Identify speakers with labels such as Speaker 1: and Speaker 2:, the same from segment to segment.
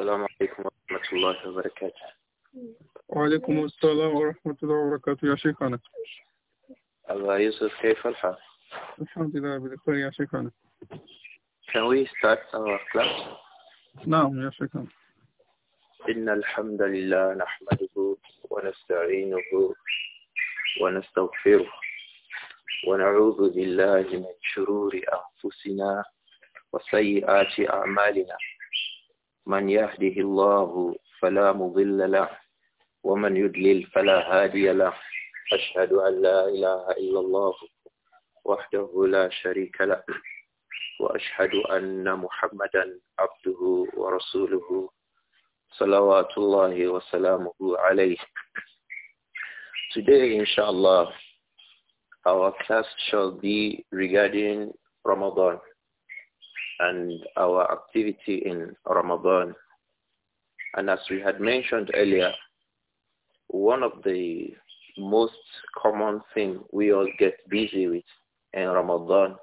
Speaker 1: السلام عليكم ورحمة الله وبركاته
Speaker 2: وعليكم السلام ورحمة الله وبركاته يا شيخنا
Speaker 1: أبا يوسف كيف الحال؟
Speaker 2: الحمد لله بخير يا شيخنا
Speaker 1: Can we start our class?
Speaker 2: نعم يا شيخنا
Speaker 1: إن الحمد لله نحمده ونستعينه ونستغفره ونعوذ بالله من شرور أنفسنا وسيئات أعمالنا من يهده الله فلا مضل له ومن يدلل فلا هادي له أشهد أن لا إله إلا الله وحده لا شريك له وأشهد أن محمدا عبده ورسوله صلوات الله وسلامه عليه Today, inshallah, our class shall be regarding Ramadan and our activity in Ramadan. And as we had mentioned earlier, one of the most common thing we all get busy with in Ramadan,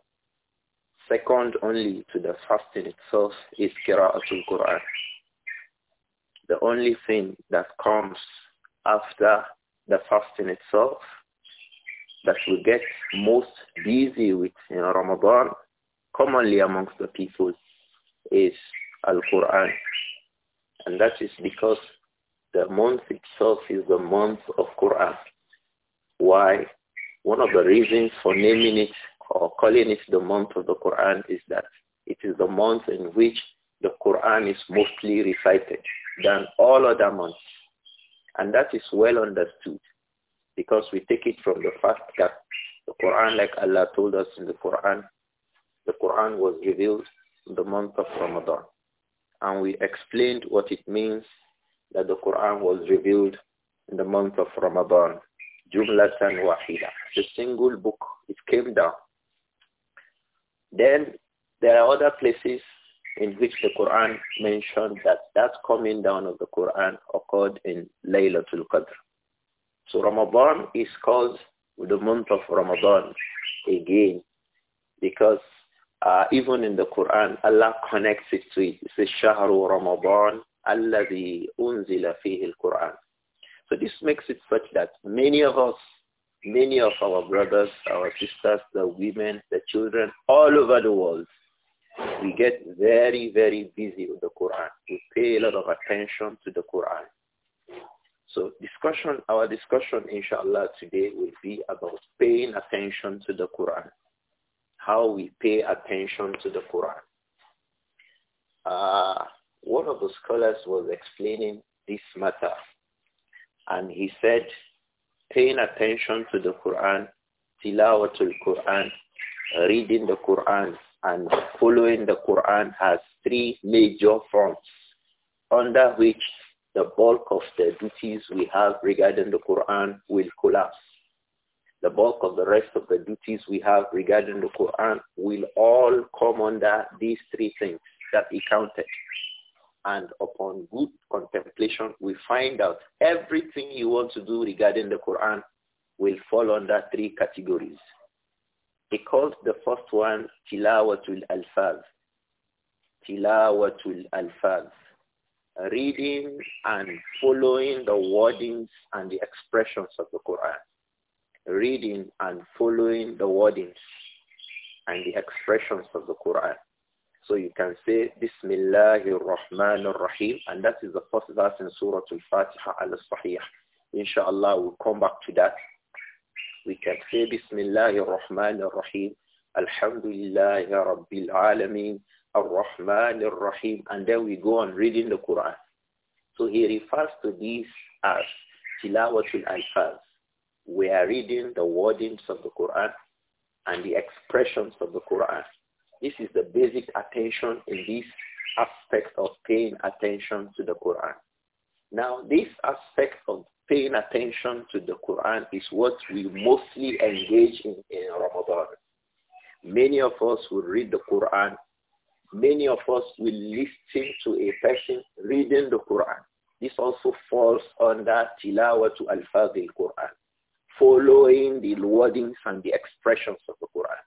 Speaker 1: second only to the fasting itself, is Qira'atul Quran. The only thing that comes after the fasting itself that we get most busy with in Ramadan commonly amongst the people is Al-Quran. And that is because the month itself is the month of Quran. Why? One of the reasons for naming it or calling it the month of the Quran is that it is the month in which the Quran is mostly recited than all other months. And that is well understood because we take it from the fact that the Quran, like Allah told us in the Quran, the Quran was revealed in the month of Ramadan. And we explained what it means that the Quran was revealed in the month of Ramadan. Jumlatan wahida. The single book, it came down. Then there are other places in which the Quran mentioned that that coming down of the Quran occurred in Laylatul Qadr. So Ramadan is called the month of Ramadan again because uh, even in the Quran, Allah connects it to it. It says, Shahru Ramadan, unzila fihi al-Quran." So this makes it such that many of us, many of our brothers, our sisters, the women, the children, all over the world, we get very, very busy with the Quran. We pay a lot of attention to the Quran. So discussion, our discussion, inshallah, today will be about paying attention to the Quran how we pay attention to the Quran. Uh, one of the scholars was explaining this matter, and he said, paying attention to the Quran, tilawatul Quran, reading the Quran, and following the Quran has three major forms under which the bulk of the duties we have regarding the Quran will collapse the bulk of the rest of the duties we have regarding the Quran will all come under these three things that he counted. And upon good contemplation, we find out everything you want to do regarding the Quran will fall under three categories. He calls the first one tilawatul alfaz. Tilawatul alfaz.
Speaker 2: Reading
Speaker 1: and following the wordings and the expressions of the Quran reading and following the wordings and the expressions of the Quran. So you can say Bismillahir Rahmanir Rahim and that is the first verse in Surah Al-Fatiha Al-Sahih. Inshallah we'll come back to that. We can say Bismillahir Rahmanir Rahim Alhamdulillahi Rabbil Alameen Ar-Rahmanir Rahim and then we go on reading the Quran. So he refers to these as tilawatul alfaz we are reading the wordings of the Quran and the expressions of the Quran. This is the basic attention in this aspect of paying attention to the Quran. Now, this aspect of paying attention to the Quran is what we mostly engage in in Ramadan. Many of us will read the Quran. Many of us will listen to a person reading the Quran. This also falls under tilawatu al-fadhil Quran following the wordings and the expressions of the Quran.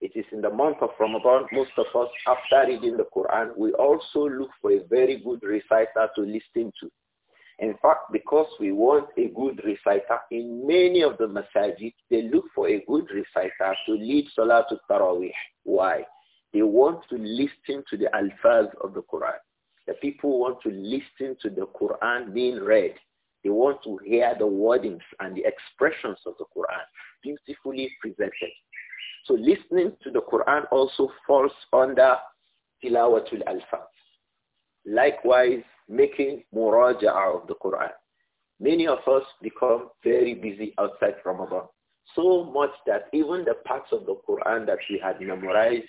Speaker 1: It is in the month of Ramadan, most of us, after reading the Quran, we also look for a very good reciter to listen to. In fact, because we want a good reciter, in many of the masajid, they look for a good reciter to lead Salatul Tarawih. Why? They want to listen to the alfaz of the Quran. The people want to listen to the Quran being read. They want to hear the wordings and the expressions of the Quran beautifully presented. So listening to the Quran also falls under tilawatul Alfa. Likewise, making muraja'ah of the Quran. Many of us become very busy outside Ramadan. So much that even the parts of the Quran that we had memorized,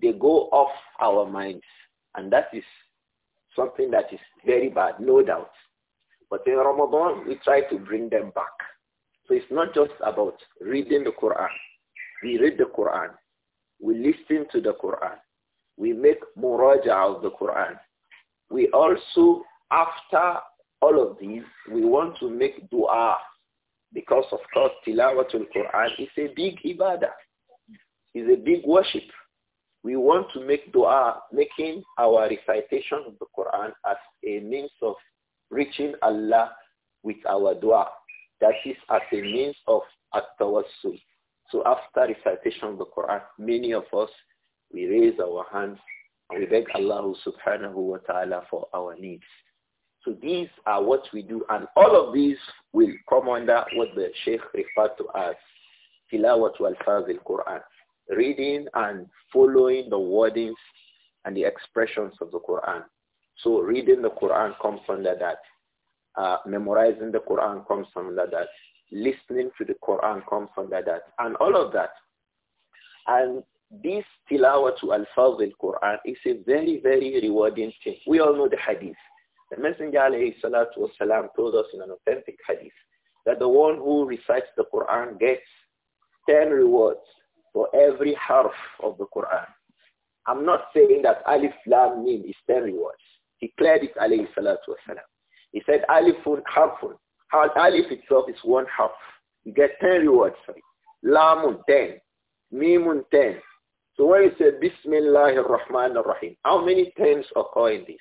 Speaker 1: they go off our minds. And that is something that is very bad, no doubt. But in Ramadan, we try to bring them back. So it's not just about reading the Quran. We read the Quran. We listen to the Quran. We make muraja of the Quran. We also, after all of these, we want to make dua because of course tilawatul Quran is a big ibadah. It's a big worship. We want to make dua, making our recitation of the Quran as a means of reaching Allah with our dua. That is as a means of at-tawassul. So after recitation of the Quran, many of us, we raise our hands and we beg Allah subhanahu wa ta'ala for our needs. So these are what we do and all of these will come under what the Sheikh referred to as tilawat al quran reading and following the wordings and the expressions of the Quran. So reading the Quran comes under that. Uh, memorizing the Quran comes under that. Listening to the Quran comes under that. And all of that. And this tilawa to al-fadh quran is a very, very rewarding thing. We all know the hadith. The Messenger alayhi salatu wasalam told us in an authentic hadith that the one who recites the Quran gets 10 rewards for every harf of the Quran. I'm not saying that alif lam mim is 10 rewards. He it, alayhi salatu wasalam. He said, alif harfun. Alif itself is one half. You get 10 rewards for it. Lamun, 10. Mimun, 10. So when you say r-Rahman Rahmanir Rahim, how many times occur in this?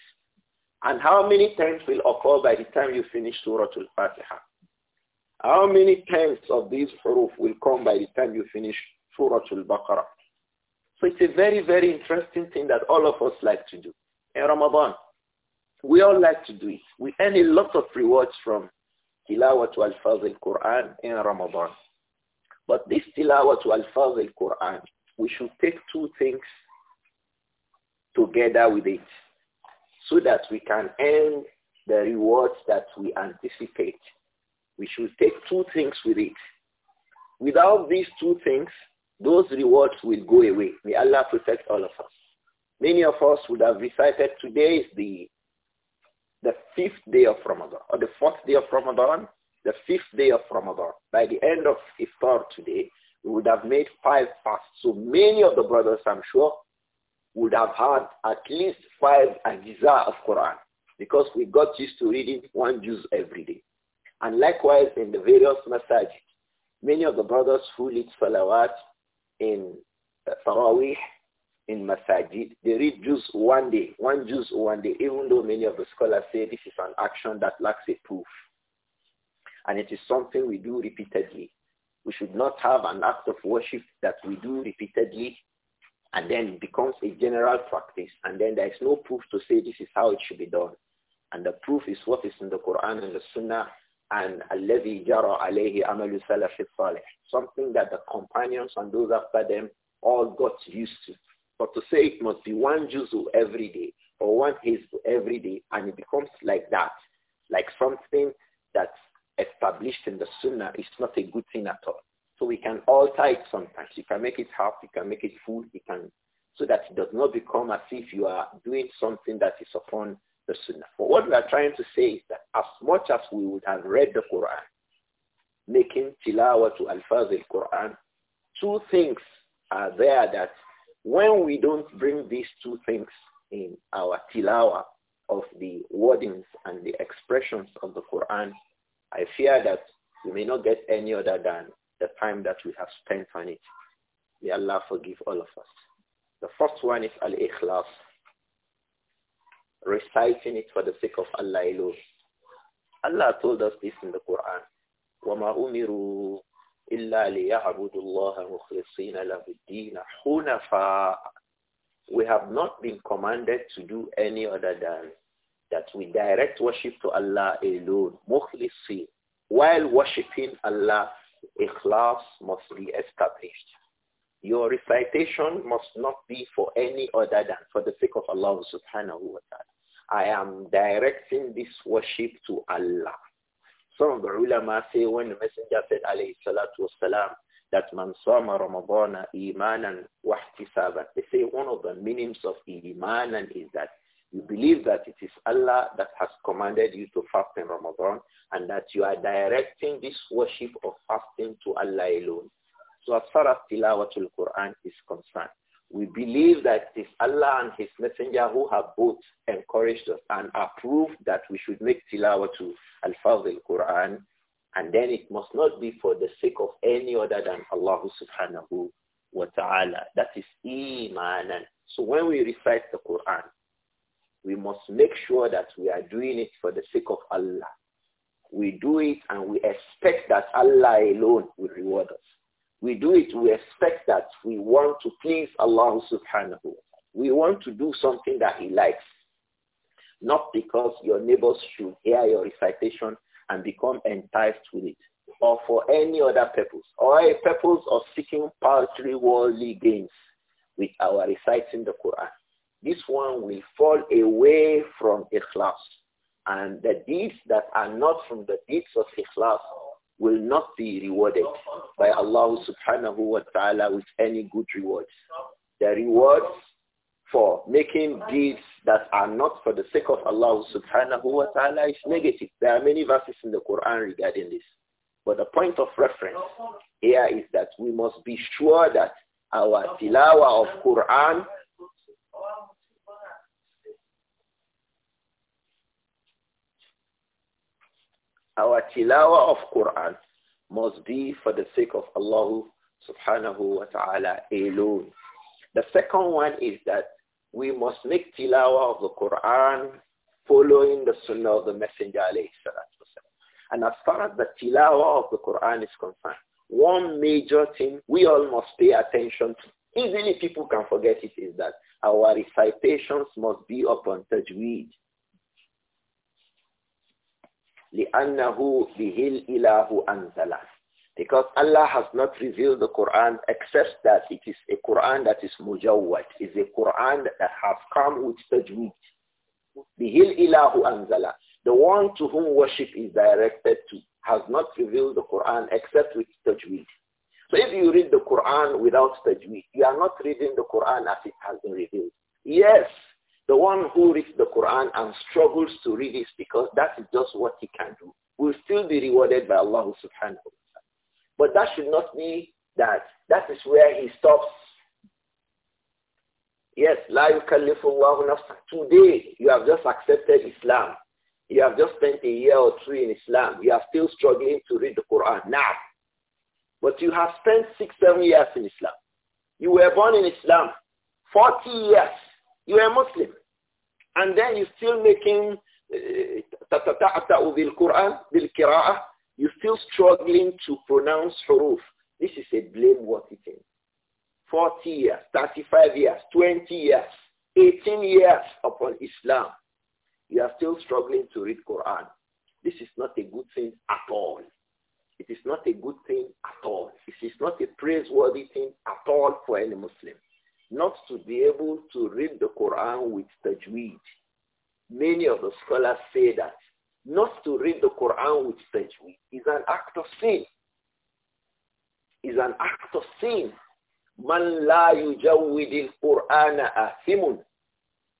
Speaker 1: And how many times will occur by the time you finish Surah Al-Fatiha? How many times of these huruf will come by the time you finish Surah Al-Baqarah? So it's a very, very interesting thing that all of us like to do in Ramadan. We all like to do it. We earn a lot of rewards from tilawat al-faz al-Quran in Ramadan. But this tilawat al-faz al-Quran, we should take two things together with it so that we can earn the rewards that we anticipate. We should take two things with it. Without these two things, those rewards will go away. May Allah protect all of us. Many of us would have recited today is the the fifth day of Ramadan, or the fourth day of Ramadan, the fifth day of Ramadan. By the end of Iftar today, we would have made five fasts. So many of the brothers, I'm sure, would have had at least five ajiza of Quran because we got used to reading one juz every day. And likewise in the various masajid, many of the brothers who lead salawat in uh, Tarawih in masajid, they read Jews one day, one Jews one day, even though many of the scholars say this is an action that lacks a proof. And it is something we do repeatedly. We should not have an act of worship that we do repeatedly and then becomes a general practice and then there is no proof to say this is how it should be done. And the proof is what is in the Quran and the Sunnah and الَّذِي جَرَى alayhi عَمَلُ سَلَفِ Something that the companions and those after them all got used to. But to say it must be one juzu every day or one hizb every day and it becomes like that, like something that's established in the sunnah is not a good thing at all. So we can alter it sometimes. You can make it half, you can make it full, you can, so that it does not become as if you are doing something that is upon the sunnah. But what we are trying to say is that as much as we would have read the Quran, making tilawa to al-faz al-Quran, two things are there that when we don't bring these two things in our tilawa of the wordings and the expressions of the Quran, I fear that we may not get any other than the time that we have spent on it. May Allah forgive all of us. The first one is Al-Ikhlas, reciting it for the sake of Allah alone. Allah told us this in the Quran. وَمَا أُمِرُوا إلا ليعبدوا الله مخلصين له الدين حنفاء We have not been commanded to do any other than that we direct worship to Allah alone, مخلصين. While worshiping Allah, class must be established. Your recitation must not be for any other than for the sake of Allah subhanahu wa ta'ala. I am directing this worship to Allah. Some of the ulama say when the messenger said alayhi salatu wasalam that man sama Ramadana imanan wahtisaban. They say one of the meanings of imanan is that you believe that it is Allah that has commanded you to fast in Ramadan and that you are directing this worship of fasting to Allah alone. So as far as tilawatul Quran is concerned, we believe that it is Allah and His Messenger who have both encouraged us and approved that we should make tilawa to al fadl al-Quran. And then it must not be for the sake of any other than Allah subhanahu wa ta'ala. That is And So when we recite the Quran, we must make sure that we are doing it for the sake of Allah. We do it and we expect that Allah alone will reward us. We do it, we expect that we want to please Allah subhanahu wa We want to do something that he likes. Not because your neighbors should hear your recitation and become enticed with it or for any other purpose or a purpose of seeking paltry worldly gains with our reciting the Quran. This one will fall away from ikhlas and the deeds that are not from the deeds of ikhlas will not be rewarded by Allah subhanahu wa ta'ala with any good rewards. The rewards for making deeds that are not for the sake of Allah subhanahu wa ta'ala is negative. There are many verses in the Quran regarding this. But the point of reference here is that we must be sure that our tilawa of Quran Our tilawa of Quran must be for the sake of Allah subhanahu wa ta'ala alone. The second one is that we must make tilawa of the Quran following the sunnah of the Messenger alayhi And as far as the tilawa of the Quran is concerned, one major thing we all must pay attention to, easily people can forget it, is that our recitations must be upon tajweed. لأنه به الإله أنزله because Allah has not revealed the Quran except that it is a Quran that is mujawwad, is a Quran that has come with tajweed. Bihil ilahu anzala. The one to whom worship is directed to has not revealed the Quran except with tajweed. So if you read the Quran without tajweed, you are not reading the Quran as it has been revealed. Yes, the one who reads the Quran and struggles to read it because that is just what he can do will still be rewarded by Allah subhanahu wa ta'ala. But that should not be that. That is where he stops. Yes, la yukallifullahu nafsa. Today, you have just accepted Islam. You have just spent a year or two in Islam. You are still struggling to read the Quran now. But you have spent six, seven years in Islam. You were born in Islam. 40 years. You are a Muslim. And then you're still making تتتعتع the بِالْقُرْآنِ بِالْكِرَاءَةِ You're still struggling to pronounce huruf. This is a blameworthy thing. 40 years, 35 years, 20 years, 18 years upon Islam. You are still struggling to read Quran. This is not a good thing at all. It is not a good thing at all. It is not a praiseworthy thing at all for any Muslim not to be able to read the Quran with tajweed. Many of the scholars say that not to read the Quran with tajweed is an act of sin. Is an act of sin. Man la yujawwidil Qur'ana afimun.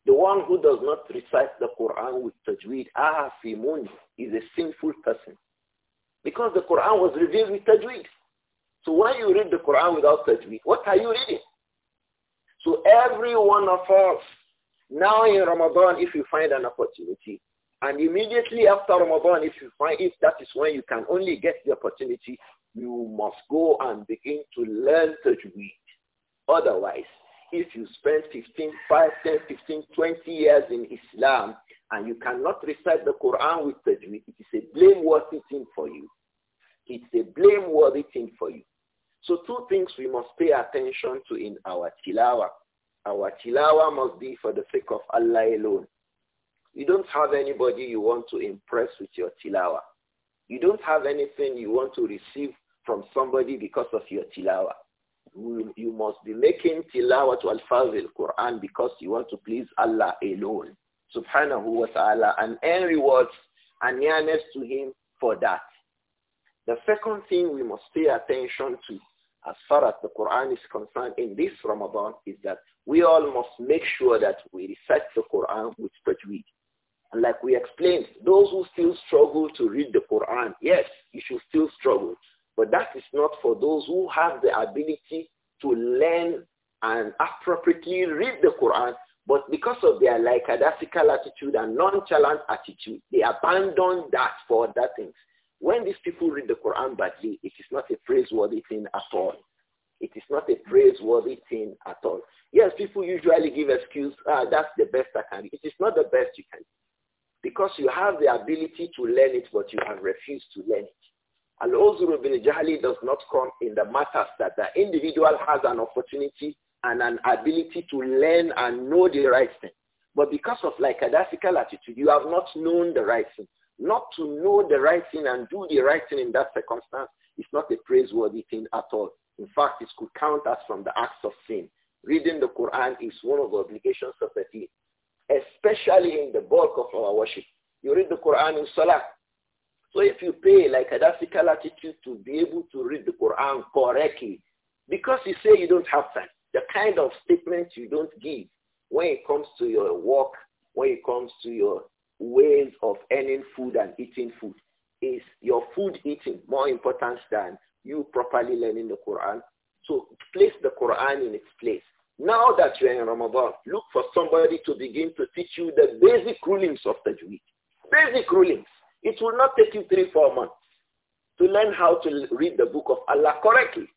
Speaker 1: The one who does not recite the Quran with tajweed, afimun, is a sinful person. Because the Quran was revealed with tajweed. So when you read the Quran without tajweed, what are you reading? So every one of us, now in Ramadan, if you find an opportunity, and immediately after Ramadan, if you find if that is when you can only get the opportunity, you must go and begin to learn to read. Otherwise, if you spend 15, 5, 10, 15, 20 years in Islam and you cannot recite the Quran with tajweed, it is a blameworthy thing for you. It's a blameworthy thing for you. So two things we must pay attention to in our tilawa. Our tilawa must be for the sake of Allah alone. You don't have anybody you want to impress with your tilawa. You don't have anything you want to receive from somebody because of your tilawa. You must be making tilawa to al-fazil Quran because you want to please Allah alone. Subhanahu wa ta'ala and earn rewards and nearness to him for that. The second thing we must pay attention to as far as the Quran is concerned in this Ramadan is that we all must make sure that we recite the Quran with tajweed. And like we explained, those who still struggle to read the Quran, yes, you should still struggle. But that is not for those who have the ability to learn and appropriately read the Quran, but because of their lackadaisical attitude and nonchalant attitude, they abandon that for other things. When these people read the Quran badly, it is not a praiseworthy thing at all. It is not a praiseworthy thing at all. Yes, people usually give excuse, ah, that's the best I can It is not the best you can Because you have the ability to learn it, but you have refused to learn it. Al-Uzru bin Jahli does not come in the matters that the individual has an opportunity and an ability to learn and know the right thing. But because of like a classical attitude, you have not known the right thing. Not to know the right thing and do the right thing in that circumstance is not a praiseworthy thing at all. In fact, it could count as from the acts of sin. Reading the Quran is one of the obligations of the deen, especially in the bulk of our worship. You read the Quran in Salah. So if you pay like a classical attitude to be able to read the Quran correctly, because you say you don't have time, the kind of statement you don't give when it comes to your work, when it comes to your ways of earning food and eating food. Is your food eating more important than you properly learning the Quran? So place the Quran in its place. Now that you are in Ramadan, look for somebody to begin to teach you the basic rulings of the week. Basic rulings. It will not take you three, four months to learn how to read the book of Allah correctly.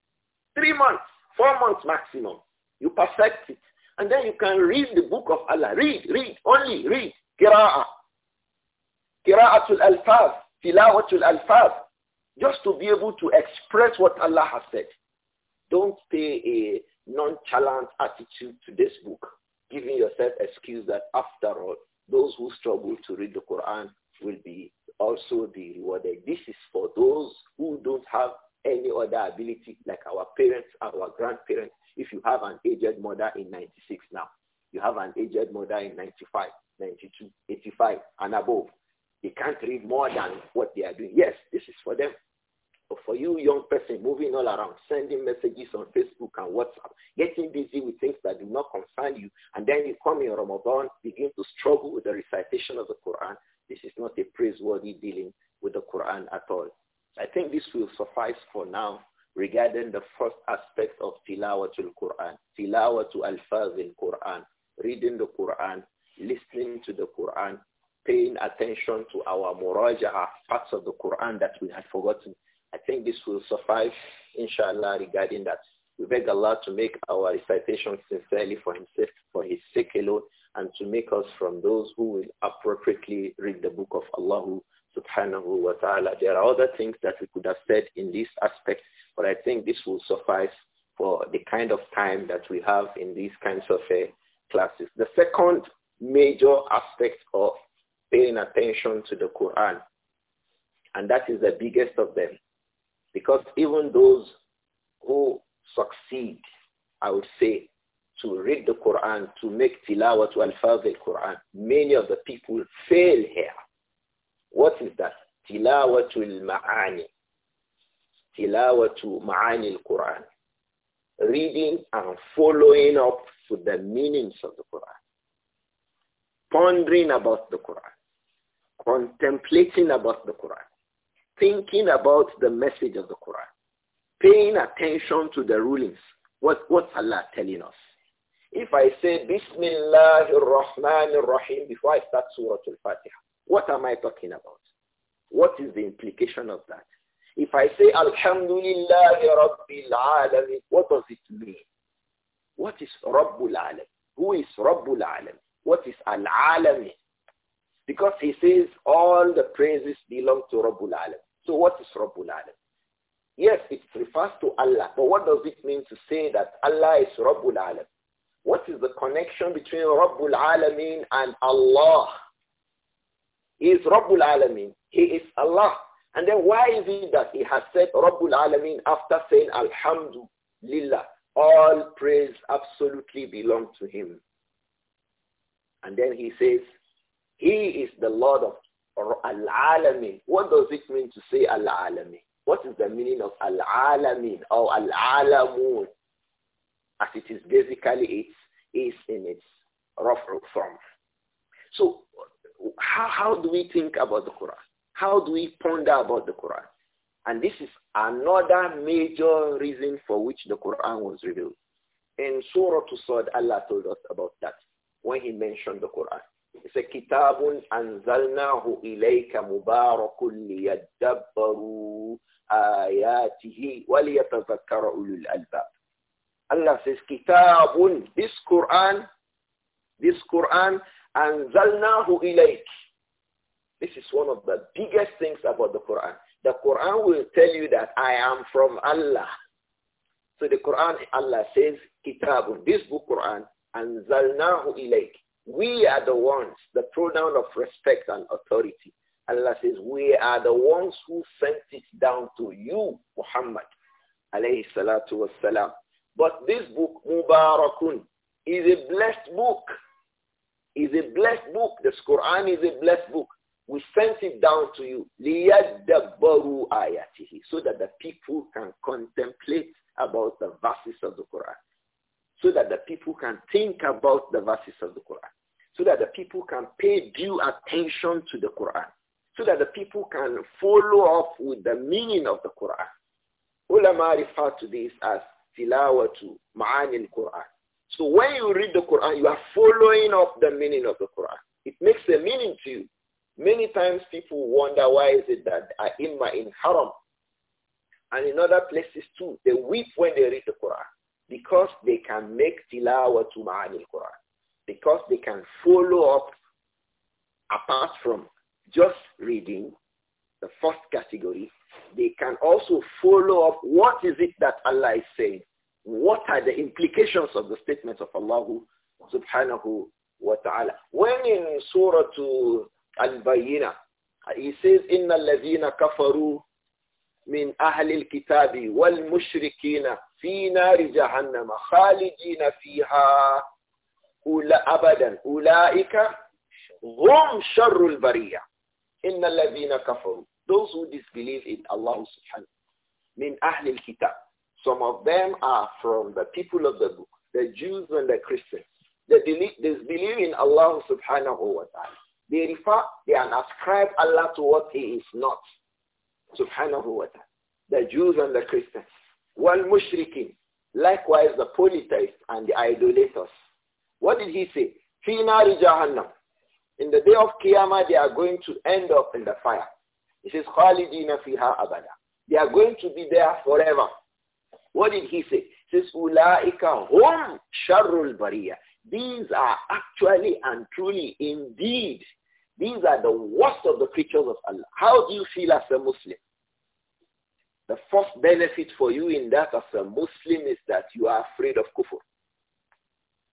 Speaker 1: Three months, four months maximum. You perfect it. And then you can read the book of Allah. Read, read, only read. Qira'ah. Qira'atul al tilawatul al just to be able to express what Allah has said. Don't take a nonchalant attitude to this book, giving yourself excuse that after all, those who struggle to read the Quran will be also be rewarded. This is for those who don't have any other ability like our parents, our grandparents. If you have an aged mother in 96 now, you have an aged mother in 95, 92, 85, and above. He can't read more than what they are doing. Yes, this is for them. But for you, young person, moving all around, sending messages on Facebook and WhatsApp, getting busy with things that do not concern you, and then you come in Ramadan, begin to struggle with the recitation of the Quran. This is not a praiseworthy dealing with the Quran at all. I think this will suffice for now regarding the first aspect of tilawatul Quran, tilawatul al-fazil Quran, reading the Quran, listening to the Quran, paying attention to our murajah, parts of the Quran that we had forgotten. I think this will suffice, inshallah, regarding that. We beg Allah to make our recitation sincerely for himself, for his sake alone, and to make us from those who will appropriately read the book of Allah subhanahu wa ta'ala. There are other things that we could have said in this aspect, but I think this will suffice for the kind of time that we have in these kinds of uh, classes. The second major aspect of paying attention to the Quran. And that is the biggest of them. Because even those who succeed, I would say, to read the Quran, to make tilawah to al al-Quran, many of the people fail here. What is that? Tilawatul ma'ani. to ma'ani al-Quran. Reading and following up to the meanings of the Quran. Pondering about the Quran contemplating about the Quran, thinking about the message of the Quran, paying attention to the rulings. What, what's Allah telling us? If I say Bismillah ar-Rahman ar-Rahim before I start Surah Al-Fatiha, what am I talking about? What is the implication of that? If I say Alhamdulillah Rabbil what does it mean? What is Rabbul Alam? Who is Rabbul Alam? What is Al-Alamin? Because he says all the praises belong to Rabbul Alam. So what is Rabbul Alam? Yes, it refers to Allah, but what does it mean to say that Allah is Rabbul Alam? What is the connection between Rabbul Alameen and Allah? He is Rabbul Alameen. He is Allah. And then why is it that he has said Rabbul Alameen after saying Alhamdulillah? All praise absolutely belong to him. And then he says, he is the Lord of Al-Alamin. What does it mean to say Al-Alamin? What is the meaning of Al-Alamin or Al-Alamun? As it is basically it is in its rough form. So how, how do we think about the Quran? How do we ponder about the Quran? And this is another major reason for which the Quran was revealed. In Surah to Sad, Allah told us about that when he mentioned the Quran. He said, Kitabun anzalnahu ilayka mubarakun liyadabbaru ayatihi waliyatazakkara ulul albab. Allah says, Kitabun, this Quran, this Quran, anzalnahu ilayk. This is one of the biggest things about the Quran. The Quran will tell you that I am from Allah. So the Quran, Allah says, Kitabun, this book Quran, anzalnahu ilayk. We are the ones, the pronoun of respect and authority. Allah says, we are the ones who sent it down to you, Muhammad, But this book, Mubarakun, is a blessed book. Is a blessed book. This Quran is a blessed book. We sent it down to you. لِيَدَّبَّرُوا آيَاتِهِ So that the people can contemplate about the verses of the Quran so that the people can think about the verses of the Quran, so that the people can pay due attention to the Quran, so that the people can follow up with the meaning of the Quran. Ulama refer to this as tilawatu in Quran. So when you read the Quran, you are following up the meaning of the Quran. It makes a meaning to you. Many times people wonder why is it that i am in haram and in other places too, they weep when they read the Quran because they can make tilawatu ma'anil Quran, because they can follow up apart from just reading the first category, they can also follow up what is it that Allah is saying. What are the implications of the statements of Allah subhanahu wa ta'ala? When in Surah Al-Bayyinah, he says, إِنَّ الَّذِينَ كَفَرُوا من أهل الكتاب والمشركين في نار جهنم خالدين فيها أولا أبدا أولئك هم شر البرية إن الذين كفروا those who disbelieve in Allah subhanahu من أهل الكتاب some of them are from the people of the book the Jews and the Christians they disbelieve in Allah subhanahu wa ta'ala they refer they ascribe Allah to what he is not subhanahu wa ta'ala, the Jews and the Christians, wal mushrikin, likewise the polytheists and the idolaters. What did he say? Finari jahannam. In the day of Qiyamah, they are going to end up in the fire. He says, khalidina fiha abada. They are going to be there forever. What did he say? He says, ulaika hum sharrul bariyah. These are actually and truly indeed these are the worst of the creatures of Allah. How do you feel as a Muslim? The first benefit for you in that as a Muslim is that you are afraid of kufr.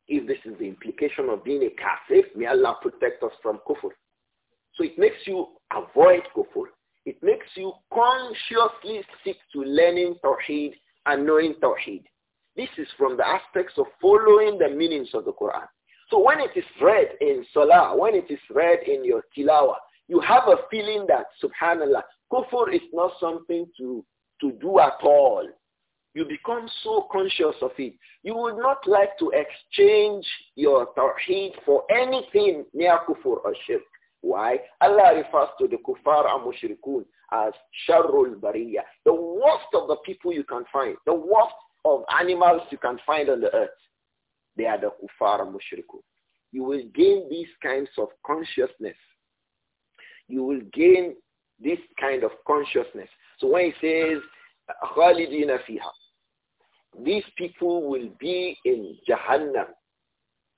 Speaker 1: If this is the implication of being a kafir, may Allah protect us from kufr. So it makes you avoid kufr. It makes you consciously seek to learning Tawheed and knowing Tawheed. This is from the aspects of following the meanings of the Quran. So when it is read in Salah, when it is read in your Tilawa, you have a feeling that, subhanAllah, kufr is not something to, to do at all. You become so conscious of it. You would not like to exchange your tawheed for anything near kufr or shirk. Why? Allah refers to the kuffar and mushrikun as sharrul bariyah, the worst of the people you can find, the worst of animals you can find on the earth. They are the kufar mushriku. You will gain these kinds of consciousness. You will gain this kind of consciousness. So when he says, خَالِدِينَ These people will be in Jahannam.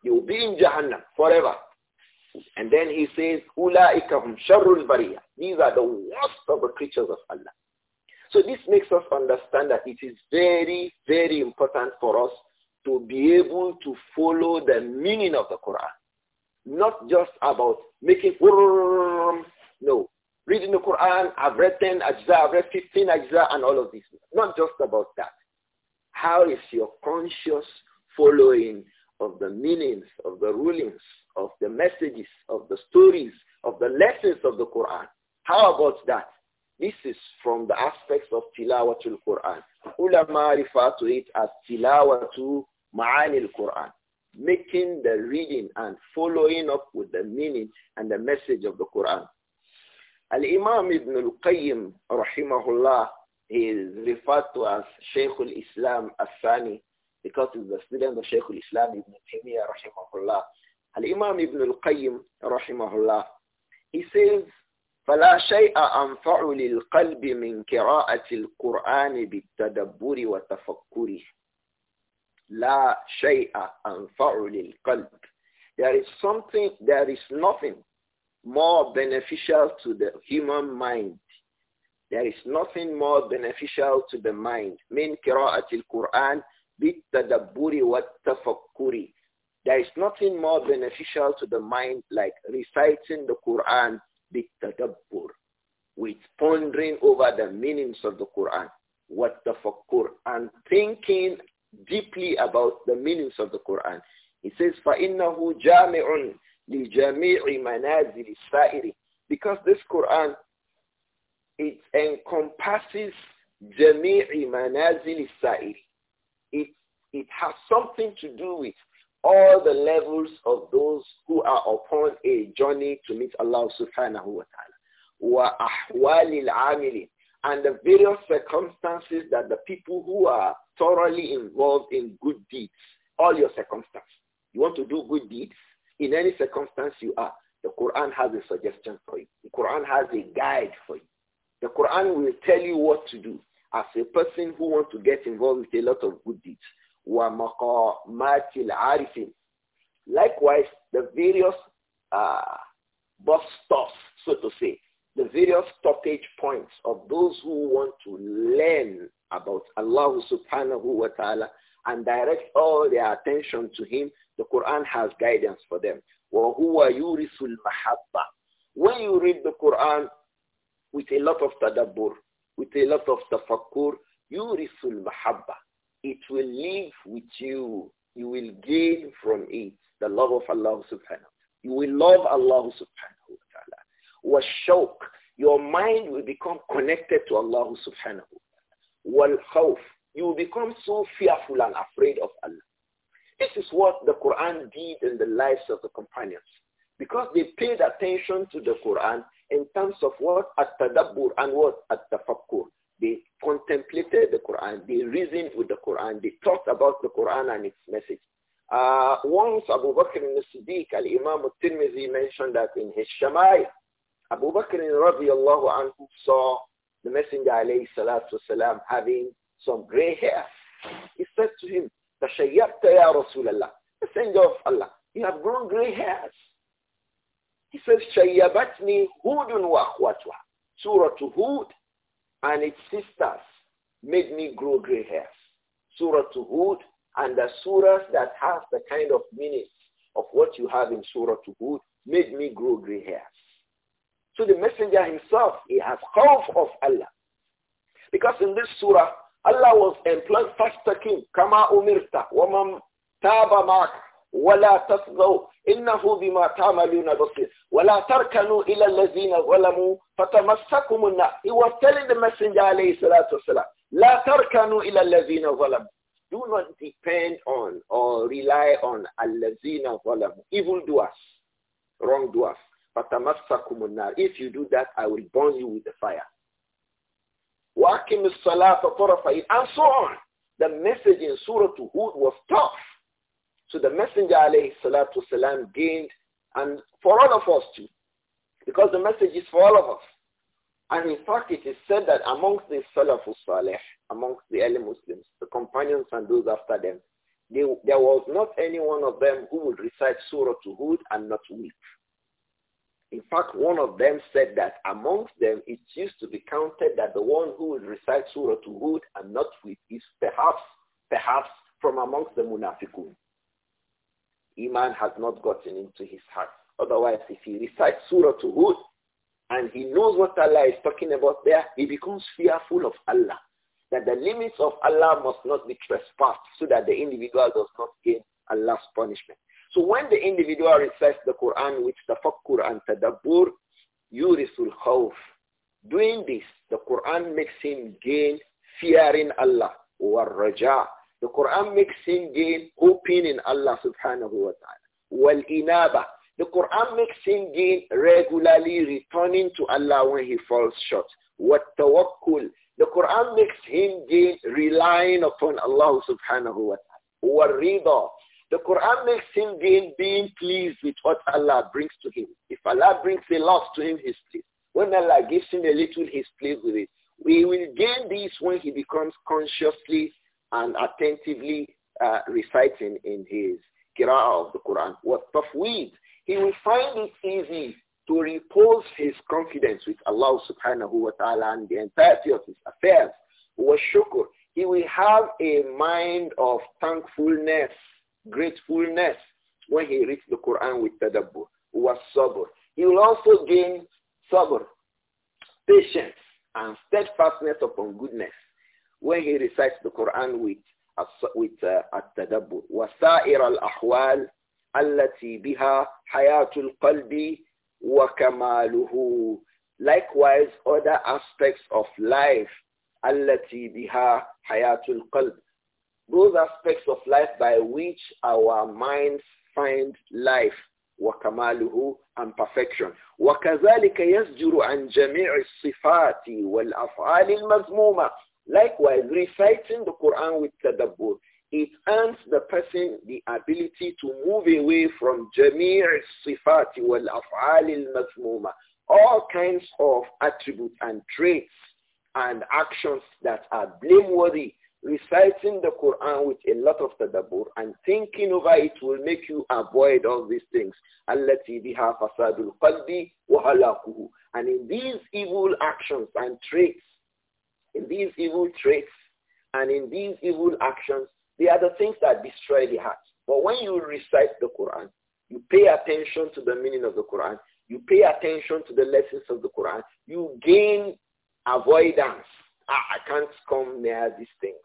Speaker 1: They will be in Jahannam forever. And then he says, أُولَٰئِكَ هُمْ شَرُّ These are the worst of the creatures of Allah. So this makes us understand that it is very, very important for us to be able to follow the meaning of the Quran. Not just about making no. Reading the Quran, I've read 10 ajza, I've read 15 ajza and all of this. Not just about that. How is your conscious following of the meanings, of the rulings, of the messages, of the stories, of the lessons of the Quran? How about that? This is from the aspects of tilawatul Quran. Ulama refer to it as tilawatul quran making the reading and following up with the meaning and the message of the Quran. Al-Imam Ibn al-Qayyim, rahimahullah, he is referred to as Shaykh al-Islam al-Thani because he's the student of Shaykh al-Islam Ibn Taymiyyah, rahimahullah. Al-Imam Ibn al-Qayyim, rahimahullah, he says, فلا شيء أنفع للقلب من قراءة القرآن بالتدبر وتفكره La shay'a anfa'u qalb. There is something, there is nothing more beneficial to the human mind. There is nothing more beneficial to the mind. Min qira'atil Quran bitadabburi wa There is nothing more beneficial to the mind like reciting the Quran bitadabbur, with pondering over the meanings of the Quran, what tafakkur, and thinking deeply about the meanings of the Quran. He says, فَإِنَّهُ جَامِعٌ لِجَمِيعِ مَنَازِلِ السَّائِرِ Because this Quran, it encompasses جَمِيعِ مَنَازِلِ السَّائِرِ it, it has something to do with all the levels of those who are upon a journey to meet Allah subhanahu wa ta'ala. وَأَحْوَالِ الْعَامِلِ And the various circumstances that the people who are thoroughly involved in good deeds, all your circumstances. You want to do good deeds? In any circumstance you are, the Quran has a suggestion for you. The Quran has a guide for you. The Quran will tell you what to do as a person who wants to get involved with a lot of good deeds. Likewise, the various uh, bus stops, so to say, the various stoppage points of those who want to learn about Allah subhanahu wa ta'ala and direct all their attention to him, the Quran has guidance for them. وَهُوَ يُورِثُ الْمَحَبَّةِ When you read the Quran with a lot of tadabbur, with a lot of tafakkur, يُورِثُ الْمَحَبَّةِ It will live with you. You will gain from it the love of Allah subhanahu wa ta'ala. You will love Allah subhanahu wa ta'ala. وَالشَّوْق Your mind will become connected to Allah subhanahu wal You become so fearful and afraid of Allah. This is what the Quran did in the lives of the companions. Because they paid attention to the Quran in terms of what? At-tadabbur and what? At-tafakkur. They contemplated the Quran. They reasoned with the Quran. They talked about the Quran and its message. Uh, once Abu Bakr al-Siddiq, al-Imam al-Tirmidhi mentioned that in his Shamai, Abu Bakr radiallahu anhu saw the Messenger alayhi salatu salam having some gray hair. He said to him, Tashayyabta ya Rasulallah, Messenger of Allah, you have grown gray hairs. He says, Shayyabatni hudun wa akhwatuha. Surah to Hud and its sisters made me grow gray hairs. Surah to Hud and the surahs that have the kind of meaning of what you have in Surah to Hud made me grow gray hairs to the messenger himself, he has hope of Allah. Because in this surah, Allah was employed first talking, kama umirta, wa man taba ma'ak, wa la tasgaw, innahu bima tamaluna basir, wa la tarkanu ila allazina zalamu, fatamassakumunna. He was telling the messenger, alayhi salatu wasalam, la tarkanu ila allazina zalamu. Do not depend on or rely on evil doers, wrong doers. If you do that, I will burn you with the fire. And so on. The message in Surah Hud was tough. So the Messenger alayhi salatu salam gained, and for all of us too, because the message is for all of us. And in fact, it is said that amongst the Salafus Saleh, amongst the early Muslims, the companions and those after them, they, there was not any one of them who would recite Surah Hud and not weep. In fact, one of them said that amongst them, it used to be counted that the one who would recite Surah to Hud and not with is perhaps, perhaps from amongst the munafiqun. Iman has not gotten into his heart. Otherwise, if he recites Surah to Hud and he knows what Allah is talking about there, he becomes fearful of Allah. That the limits of Allah must not be trespassed so that the individual does not gain Allah's punishment. So when the individual recites the Quran with tafakkur and tadabbur, yurisul khawf. Doing this, the Quran makes him gain fear in Allah or raja. The Quran makes him gain hoping in Allah subhanahu wa ta'ala. Wal inaba. The Quran makes him gain regularly returning to Allah when he falls short. What tawakkul. The Quran makes him gain relying upon Allah subhanahu wa ta'ala. Wa rida. The Quran makes him gain being pleased with what Allah brings to him. If Allah brings a lot to him, he's pleased. When Allah gives him a little, he's pleased with it. We will gain this when he becomes consciously and attentively uh, reciting in his qira'ah of the Quran. What tafweed. He will find it easy to repose his confidence with Allah subhanahu wa ta'ala and the entirety of his affairs. Wa shukr. He will have a mind of thankfulness gratefulness when he reads the Quran with tadabbur, was sabr. He will also gain sabr, patience, and steadfastness upon goodness when he recites the Quran with with uh, التدبر وسائر الأحوال التي بها حياة القلب وكماله likewise other aspects of life التي بها حياة القلب those aspects of life by which our minds find life Wakamaluhu and perfection وكذلك يزجر عن sifati wal والأفعال mazmuma likewise reciting the Quran with tadabbur it earns the person the ability to move away from sifati wal والأفعال mazmuma all kinds of attributes and traits and actions that are blameworthy reciting the Quran with a lot of tadabbur and thinking over it will make you avoid all these things. And in these evil actions and traits, in these evil traits and in these evil actions, they are the things that destroy the heart. But when you recite the Quran, you pay attention to the meaning of the Quran, you pay attention to the lessons of the Quran, you gain avoidance. Ah, I, can't come near these things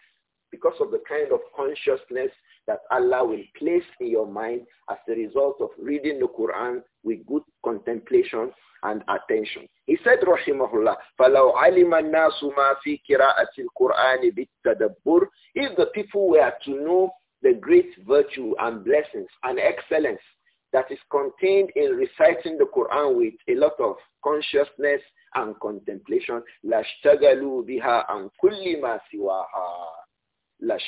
Speaker 1: because of the kind of consciousness that Allah will place in your mind as a result of reading the Quran with good contemplation and attention. He said, Rahimahullah, فَلَوْ عَلِمَ النَّاسُ مَا فِي كِرَاءَةِ الْقُرْآنِ بِالتَّدَبُّرِ If the people were to know the great virtue and blessings and excellence that is contained in reciting the Quran with a lot of consciousness and contemplation, لَاشْتَغَلُوا بِهَا عَنْ كُلِّ مَا سِوَاهَا they would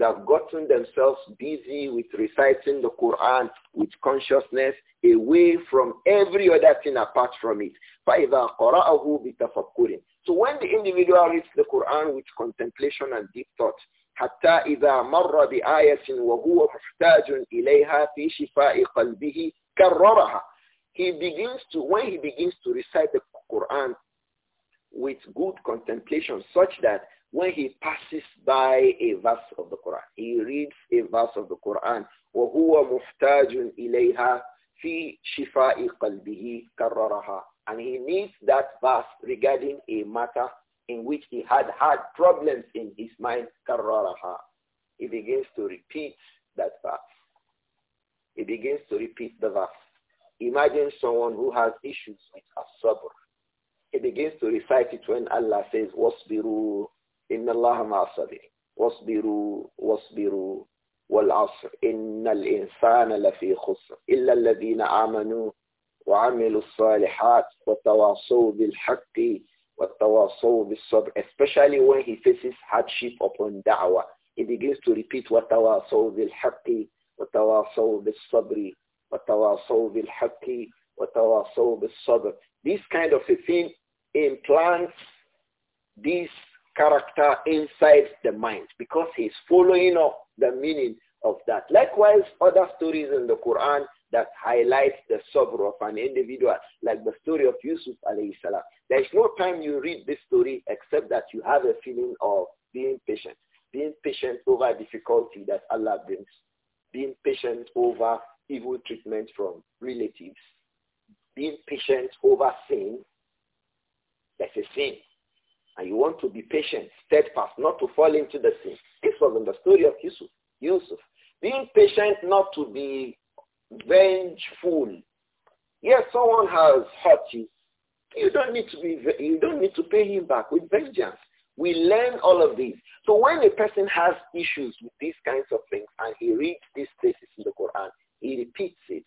Speaker 1: have gotten themselves busy with reciting the Quran with consciousness away from every other thing apart from it. So when the individual reads the Quran with contemplation and deep thought, حتى إذا مر بآية وهو محتاج إليها في شفاء قلبه كررها. He begins to, when he begins to recite the Quran with good contemplation such that when he passes by a verse of the Quran, he reads a verse of the Quran, وَهُوَ مُفْتَاجٌ إِلَيْهَا فِي شِفَاءِ قَلْبِهِ كَرَّرَهَا And he needs that verse regarding a matter in which he had had problems in his mind, كَرَّرَهَا He begins to repeat that verse. He begins to repeat the verse. Imagine someone who has issues with a sabr he begins to recite it when Allah says, Wasbiru, Inna Allah ma'asabir. Wasbiru, Wasbiru, illa إن الإنسان لفي خسر salihat الذين آمنوا وعملوا الصالحات وتواصوا بالحق وتواصوا sabr especially when he faces hardship upon da'wah he begins to repeat وتواصوا بالحق وتواصوا بالصبر وتواصوا بالحق وتواصوا sabr this kind of a thing implants this character inside the mind because he's following up the meaning of that. Likewise, other stories in the Quran that highlight the sabr of an individual, like the story of Yusuf alayhi salam. There's no time you read this story except that you have a feeling of being patient, being patient over difficulty that Allah brings, being patient over evil treatment from relatives, being patient over sin, that's a sin. And you want to be patient, steadfast, not to fall into the sin. This was in the story of Yusuf. Yusuf. Being patient not to be vengeful. Yes, someone has hurt you. You don't need to be you don't need to pay him back with vengeance. We learn all of these. So when a person has issues with these kinds of things and he reads these places in the Quran, he repeats it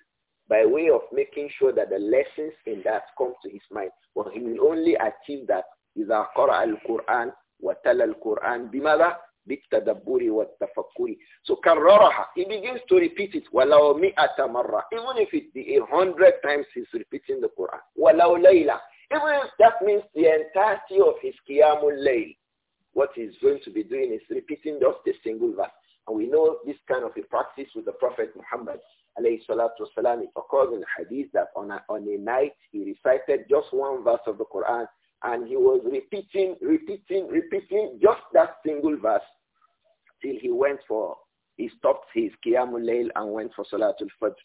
Speaker 1: by way of making sure that the lessons in that come to his mind. Well, he will only achieve that إذا قرأ Quran, وتلا القرآن بماذا؟ بالتدبر والتفكر. So كررها. He begins to repeat it ولو مئة Even if it be a hundred times he's repeating the Quran. ولو layla, Even if that means the entirety of his Qiyamul Layl. What he's going to be doing is repeating just a single verse. And we know this kind of a practice with the Prophet Muhammad alayhi salatu wasalam, it occurs in hadith that on a, on a night he recited just one verse of the Quran and he was repeating, repeating, repeating just that single verse till he went for, he stopped his Qiyamul Layl and went for Salatul Fajr.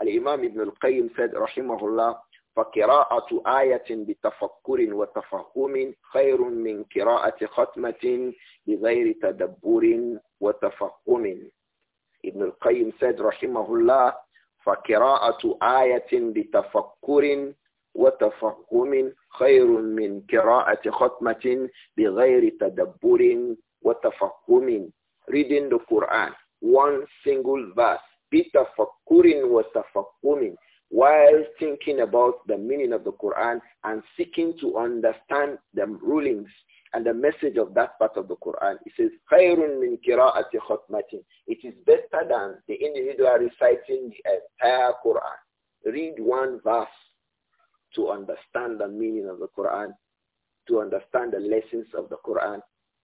Speaker 1: Al-Imam Ibn al-Qayyim said, rahimahullah, فقراءة آية بتفكر وتفهم خير من قراءة ختمة بغير تدبر وتفهم Ibn al-Qayyim said, rahimahullah, فَكِرَاءَةُ آيَةٍ وَتَفَهُّمٍ خَيْرٌ مِّن كِرَاءَةِ خَتْمَةٍ بِغَيْرِ تَدَبُّرٍ وَتَفَهُّمٍ Reading the Quran, one single verse, بِتَفَكُّرٍ وَتَفَهُّمٍ while thinking about the meaning of the Quran and seeking to understand the rulings and the message of that part of the Quran, it says, خَيْرٌ مِنْ كِرَاءَةِ خَتْمَةٍ It is better than the individual reciting the entire Quran. Read one verse to understand the meaning of the Quran, to understand the lessons of the Quran,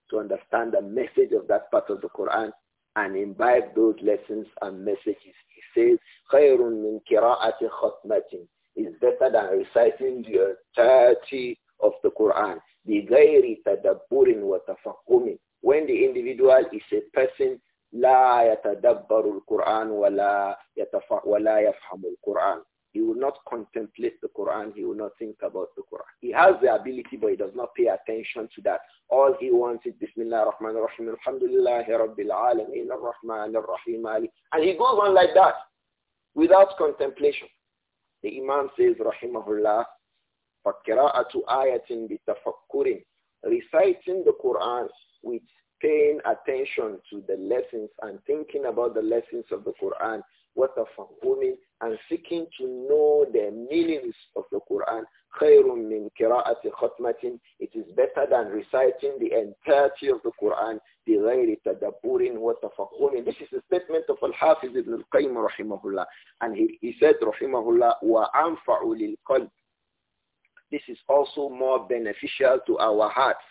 Speaker 1: to understand the message of that part of the Quran, and imbibe those lessons and messages. He says, خَيْرٌ مِنْ كِرَاءَةِ خَتْمَةٍ is better than reciting the entirety of the Quran. When the individual is a person لا يتدبر القرآن ولا يتف... ولا يفهم القرآن. He will not contemplate the Quran. He will not think about the Quran. He has the ability, but he does not pay attention to that. All he wants is Bismillah ar-Rahman ar-Rahim, Alhamdulillah, Rabbil Ar-Rahman ar-Rahim, And he goes on like that without contemplation. The Imam says, Rahimahullah, فَقِرَاءَةُ آيَةٍ بِتَفَكُّرٍ Reciting the Quran with paying attention to the lessons and thinking about the lessons of the Quran, what of women and seeking to know the meanings of the Quran. خَيْرٌ مِّن قِرَاءَةِ خَتْمَةٍ It is better than reciting the entirety of the Quran بِغَيْرِ تَدَبُّرٍ وَتَفَقُّمٍ This is a statement of Al-Hafiz ibn al-Qayyim rahimahullah. And he, he said rahimahullah, وَأَنْفَعُ لِلْقَلْبِ this is also more beneficial to our hearts.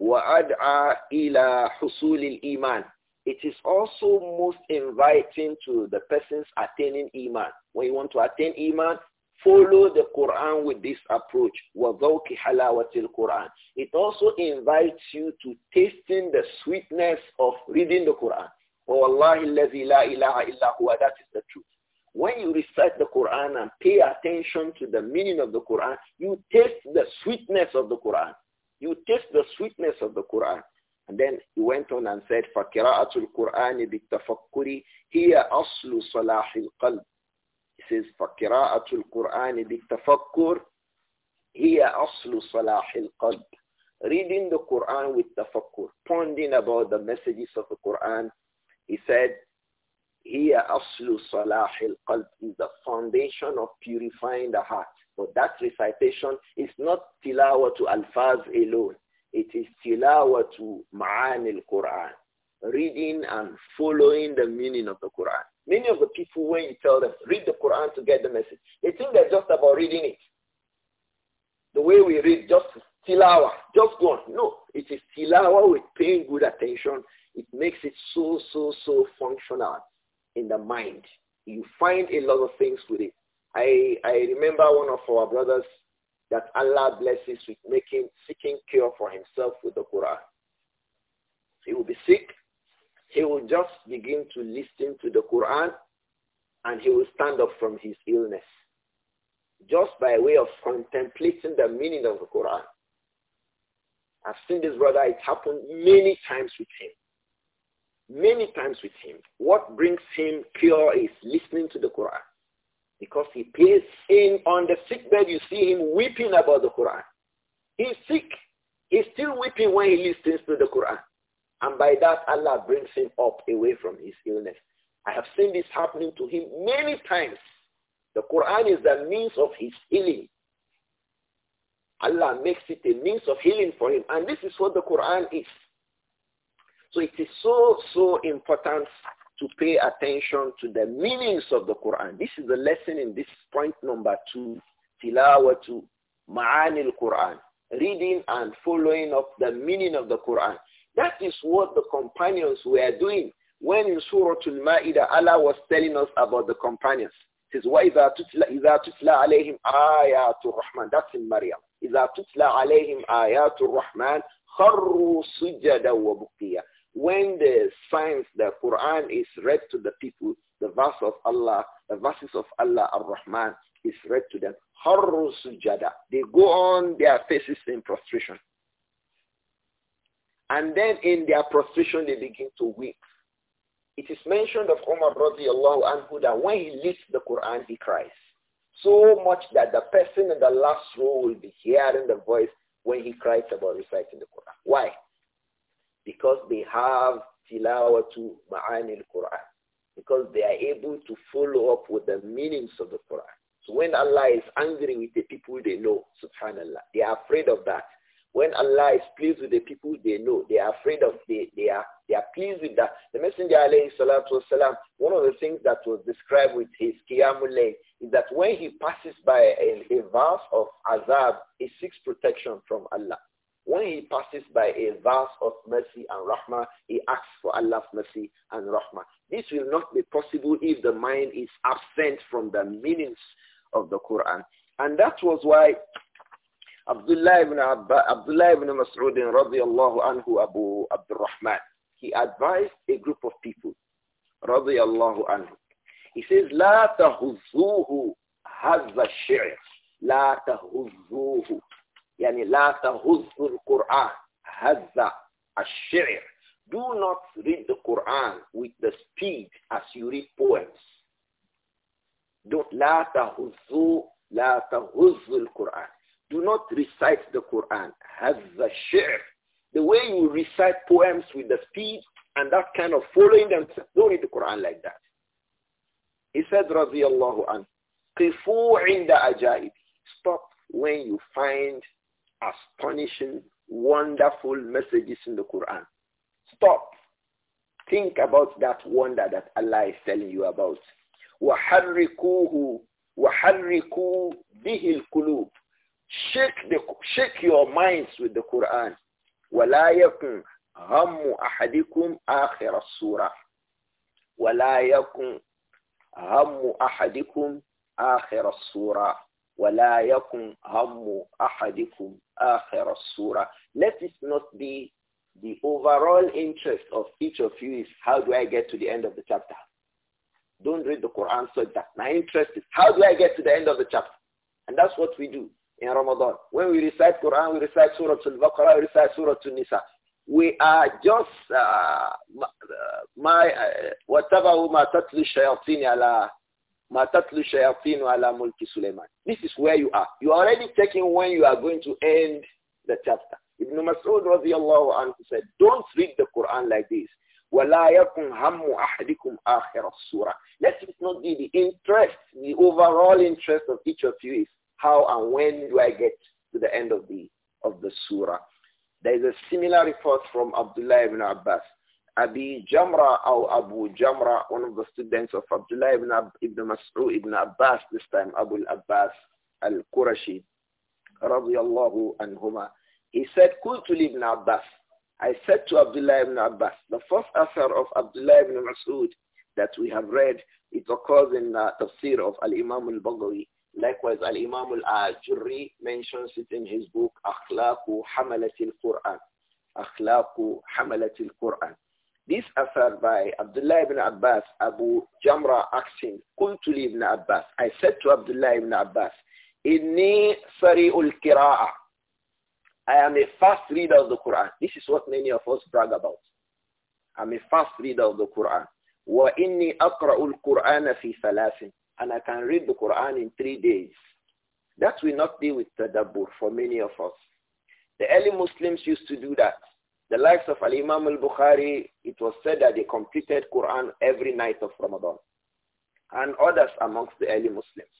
Speaker 1: وَأَدْعَى إِلَى حُصُولِ الْإِيمَانِ It is also most inviting to the persons attaining Iman. When you want to attain Iman, follow the Quran with this approach. وَذَوْكِ حَلَاوَةِ الْقُرْآنِ It also invites you to tasting the sweetness of reading the Quran. وَاللَّهِ الَّذِي لَا إِلَهَ إِلَّا هُوَ That is the truth. When you recite the Quran and pay attention to the meaning of the Quran, you taste the sweetness of the Quran. You taste the sweetness of the Quran. And then he went on and said, فَقِرَاءَةُ الْقُرْآنِ بِالتَّفَكُّرِ هِيَ أَصْلُ صَلَاحِ الْقَلْبِ He says, فَقِرَاءَةُ الْقُرْآنِ بِالتَّفَكُّرِ هِيَ أَصْلُ صَلَاحِ الْقَلْبِ Reading the Quran with tafakkur, pondering about the messages of the Quran, he said, here, aslu salahil qalb is the foundation of purifying the heart. But that recitation is not to alfaz alone. It is to maan al Quran, reading and following the meaning of the Quran. Many of the people, when you tell them, read the Quran to get the message, they think they're just about reading it. The way we read, just tilawa, just go on. No, it is tilawa with paying good attention. It makes it so, so, so functional in the mind. You find a lot of things with it. I, I remember one of our brothers that Allah blesses with making, seeking cure for himself with the Quran. He will be sick. He will just begin to listen to the Quran and he will stand up from his illness just by way of contemplating the meaning of the Quran. I've seen this brother. It happened many times with him many times with him. What brings him cure is listening to the Quran. Because he pays in on the sickbed, you see him weeping about the Quran. He's sick. He's still weeping when he listens to the Quran. And by that, Allah brings him up away from his illness. I have seen this happening to him many times. The Quran is the means of his healing. Allah makes it a means of healing for him. And this is what the Quran is. So it is so, so important to pay attention to the meanings of the Quran. This is the lesson in this point number two, tilawatu ma'anil Quran, reading and following up the meaning of the Quran. That is what the companions were doing when in Surah Al-Ma'idah Allah was telling us about the companions. It says, وَإِذَا تُتْلَى عَلَيْهِمْ آيَاتُ الرَّحْمَنِ That's in Maryam. إِذَا تُتْلَى عَلَيْهِمْ آيَاتُ الرَّحْمَنِ خَرُّوا سُجَّدًا وَبُقِيًّا when the signs, the Quran is read to the people, the verse of Allah, the verses of Allah al rahman is read to them. Harru sujada. They go on their faces in prostration. And then in their prostration, they begin to weep. It is mentioned of Umar radiallahu anhu that when he leads the Quran, he cries. So much that the person in the last row will be hearing the voice when he cries about reciting the Quran. Why? because they have tilawatu al Quran. Because they are able to follow up with the meanings of the Quran. So when Allah is angry with the people they know, subhanallah, they are afraid of that. When Allah is pleased with the people they know, they are afraid of, they, they, are, they are pleased with that. The Messenger alayhi salatu wasalam, one of the things that was described with his qiyamul is that when he passes by a, a verse of azab, he seeks protection from Allah. When he passes by a verse of mercy and rahmah, he asks for Allah's mercy and rahmah. This will not be possible if the mind is absent from the meanings of the Quran. And that was why Abdullah ibn, Abba, Abdullah ibn Mas'ud radiallahu anhu Abu Abdurrahman, he advised a group of people radiallahu anhu. He says, لا تهزوه هذا الشعر لا تهزوه يعني لا تهز القرآن هز الشعر Do not read the Quran with the speed as you read poems. Don't لا تهزوا لا تهزوا القرآن Do not recite the Quran هز الشعر The way you recite poems with the speed and that kind of following them, don't read the Quran like that. He said, رضي الله عنه, قفوا عند أجائبه. Stop when you find astonishing, wonderful messages in the Quran. Stop. Think about that wonder that Allah is telling you about. وَحَرِّكُوهُ وَحَرِّكُوا بِهِ الْقُلُوبِ Shake, the, shake your minds with the Quran. وَلَا يَكُنْ هَمُّ أَحَدِكُمْ آخِرَ السُّورَةِ وَلَا يَكُنْ هَمُّ أَحَدِكُمْ آخِرَ السُّورَةِ وَلَا يَكُنْ هَمُّ أَحَدِكُمْ آخِرَ Let it not be the overall interest of each of you is how do I get to the end of the chapter? Don't read the Quran so that. My interest is how do I get to the end of the chapter? And that's what we do in Ramadan. When we recite Quran, we recite Surah Al-Baqarah, we recite Surah Al-Nisa. We are just uh, uh my uh, whatever ma tatlu this is where you are. You are already taking when you are going to end the chapter. Ibn Mas'ud radiallahu anhu said, don't read the Quran like this. Let it not be the interest, the overall interest of each of you is how and when do I get to the end of the, of the surah. There is a similar report from Abdullah ibn Abbas Abi Jamra or Abu Jamra, one of the students of Abdullah ibn, Ab ibn Mas'ud ibn Abbas, this time Abu al-Abbas al-Qurashi, radiyallahu anhuma. He said, to ibn Abbas. I said to Abdullah ibn Abbas, the first asar of Abdullah ibn Mas'ud that we have read, it occurs in the tafsir of Al-Imam al-Baghawi. Likewise, Al-Imam al-Ajurri mentions it in his book, Akhlaqu Hamalat al-Qur'an. Akhlaqu Hamalat quran this asar by Abdullah ibn Abbas, Abu Jamra asked him, Qultu li ibn Abbas. I said to Abdullah ibn Abbas, Inni sari'ul kira'a. I am a fast reader of the Quran. This is what many of us brag about. I'm a fast reader of the Quran. Wa inni akra'ul Qur'ana fi thalathin. And I can read the Quran in three days. That will not be with tadabbur for many of us. The early Muslims used to do that. The likes of Al-Imam al-Bukhari, it was said that they completed Quran every night of Ramadan. And others amongst the early Muslims.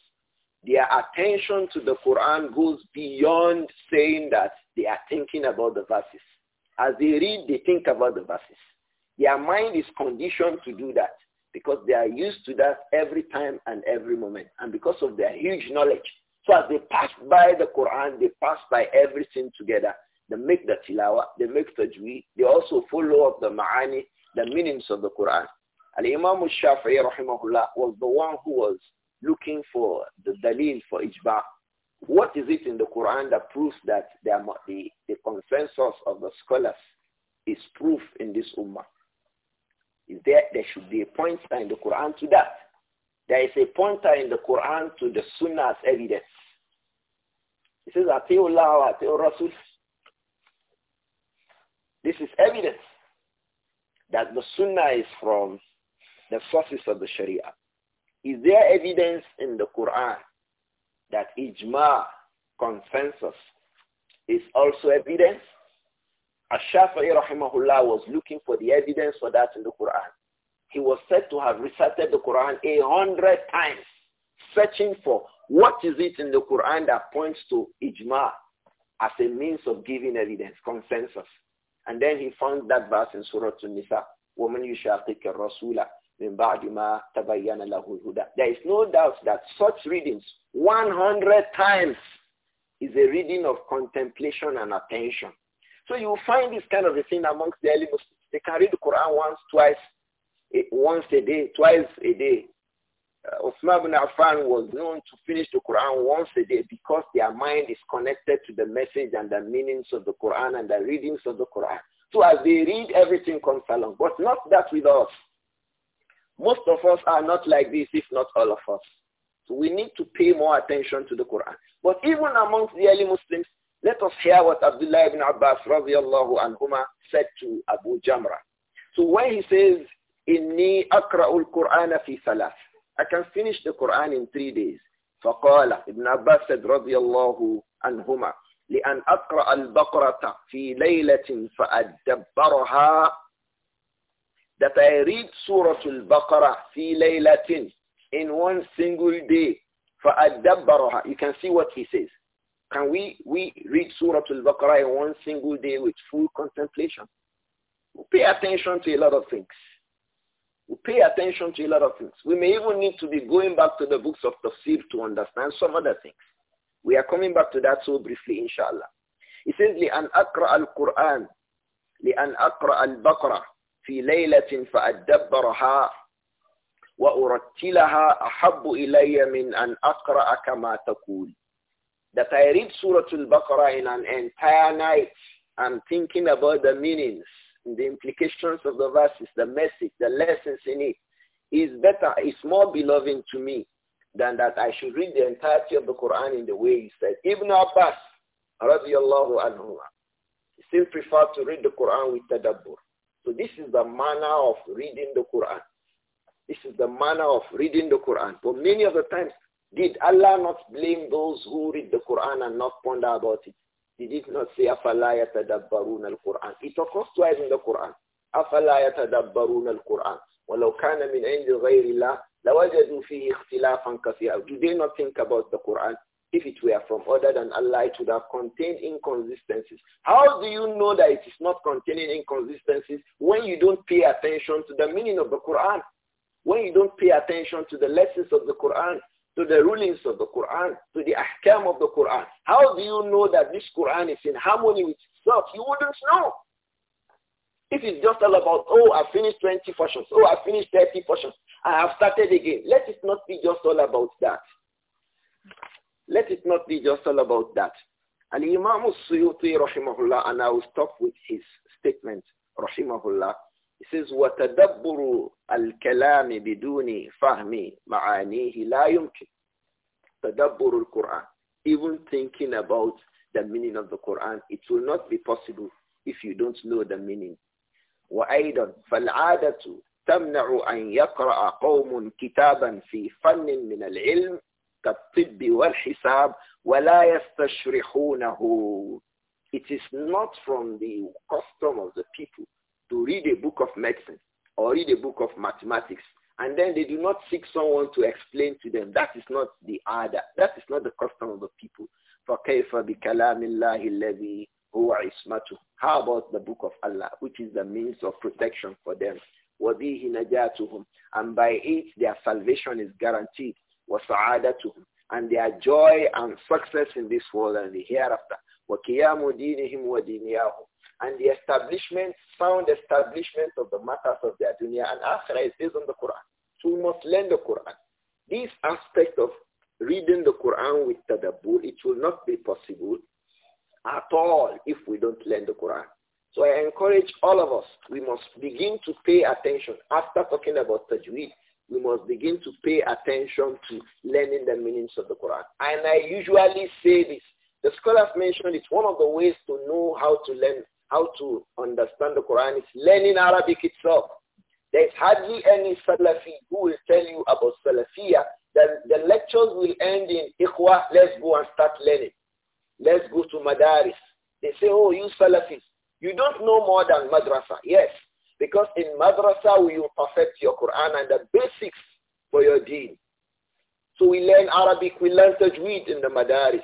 Speaker 1: Their attention to the Quran goes beyond saying that they are thinking about the verses. As they read, they think about the verses. Their mind is conditioned to do that because they are used to that every time and every moment. And because of their huge knowledge. So as they pass by the Quran, they pass by everything together they make the tilawa, they make tajweed, they also follow up the ma'ani, the meanings of the Quran. Al-Imam al-Shafi'i rahimahullah was the one who was looking for the dalil for ijba. What is it in the Quran that proves that the, the, the consensus of the scholars is proof in this ummah? Is there, there should be a pointer in the Quran to that. There is a pointer in the Quran to the sunnah as evidence. It says, Atiullah Rasul this is evidence that the Sunnah is from the sources of the Sharia. Is there evidence in the Quran that ijma, consensus, is also evidence? Ash-Shafi'i rahimahullah was looking for the evidence for that in the Quran. He was said to have recited the Quran a hundred times, searching for what is it in the Quran that points to ijma as a means of giving evidence, consensus. And then he found that verse in Surah An-Nisa, وَمَنْ يُشَاقِكَ الرَّسُولَ مِنْ بَعْدِ مَا تَبَيَّنَ لَهُ الْهُدَى is no doubt that such readings 100 times is a reading of contemplation and attention. So you find this kind of a thing amongst the Muslims. They can read the Quran once, twice, eh, once a day, twice a day, uh, Uthman ibn Affan was known to finish the Quran once a day because their mind is connected to the message and the meanings of the Quran and the readings of the Quran. So as they read, everything comes along. But not that with us. Most of us are not like this, if not all of us. So we need to pay more attention to the Quran. But even amongst the early Muslims, let us hear what Abdullah ibn Abbas radiallahu anhuma said to Abu Jamrah. So when he says, إِنِّي أَقْرَأُ الْقُرْآنَ فِي ثَلَاثٍ I can finish the Quran in three days. فقال ابن عباس رضي الله عنهما لأن أقرأ البقرة في ليلة فأدبرها that I read Surah Al-Baqarah في ليلة in one single day فأدبرها you can see what he says can we we read Surah Al-Baqarah in one single day with full contemplation pay attention to a lot of things we pay attention to a lot of things. We may even need to be going back to the books of tafsir to understand some other things. We are coming back to that so briefly, inshallah. It says, لأن أقرأ القرآن لأن أقرأ البقرة في ليلة فأدبرها وأرتلها أحب إلي من أن أقرأ كما تقول. That I read Surah Al-Baqarah in an entire night and thinking about the meanings the implications of the verses, the message, the lessons in it, is better, is more beloved to me than that I should read the entirety of the Quran in the way he said. Ibn Abbas, radiallahu anhu, still preferred to read the Quran with tadabbur. So this is the manner of reading the Quran. This is the manner of reading the Quran. But many of the times, did Allah not blame those who read the Quran and not ponder about it? Did not say أَفَلَا يَتَدَبَّرُونَ الْقُرْآنَ It occurs twice in the Quran. أَفَلَا يَتَدَبَّرُونَ الْقُرْآنَ وَلَوْ كَانَ مِنْ عِنْدِ غَيْرِ اللَّهِ لَوَجَدُوا فِيهِ اخْتِلَافًا كَثِيرًا Do they not think about the Quran? If it were from other than Allah, it would have contained inconsistencies. How do you know that it is not containing inconsistencies when you don't pay attention to the meaning of the Quran? When you don't pay attention to the lessons of the Quran? to the rulings of the Quran, to the ahkam of the Quran. How do you know that this Quran is in harmony with itself? You wouldn't know. If it's just all about, oh, I finished 20 portions, oh, I finished 30 portions, I have started again. Let it not be just all about that. Let it not be just all about that. And Imam al-Suyuti, rahimahullah, and I will stop with his statement, rahimahullah, he says, وَتَدَبُّرُ الْكَلَامِ بِدُونِ فَهْمِ مَعَانِيهِ لَا يُمْكِنُ تَدَبُّرُ الْقُرْآنِ Even thinking about the meaning of the Quran, it will not be possible if you don't know the meaning. وأيضا فالعادة تمنع أن يقرأ قوم كتابا في فن من العلم كالطب والحساب ولا يستشرحونه. It is not from the custom of the people to read a book of medicine or read a book of mathematics and then they do not seek someone to explain to them. That is not the order. That is not the custom of the people. فَكَيْفَ بِكَلَامِ اللَّهِ الَّذِي هُوَ عِصْمَتُهُ How about the book of Allah, which is the means of protection for them? وَبِهِ نَجَاتُهُمْ And by it, their salvation is guaranteed. وَسَعَادَتُهُمْ And their joy and success in this world and the hereafter. وَكِيَامُ دِينِهِمْ وَدِينِيَاهُمْ and the establishment, sound establishment of the matters of their dunya and akhirah is based on the Quran. So we must learn the Quran. This aspect of reading the Quran with tadabbur, it will not be possible at all if we don't learn the Quran. So I encourage all of us, we must begin to pay attention. After talking about tajweed, we must begin to pay attention to learning the meanings of the Quran. And I usually say this. The scholars mentioned it's one of the ways to know how to learn how to understand the Quran is learning Arabic itself. There's hardly any Salafi who will tell you about Salafiyah. The, the lectures will end in Ikhwa, let's go and start learning. Let's go to Madaris. They say, oh, you Salafis, you don't know more than Madrasa. Yes, because in Madrasa we will perfect your Quran and the basics for your deen. So we learn Arabic, we learn Tajweed in the Madaris.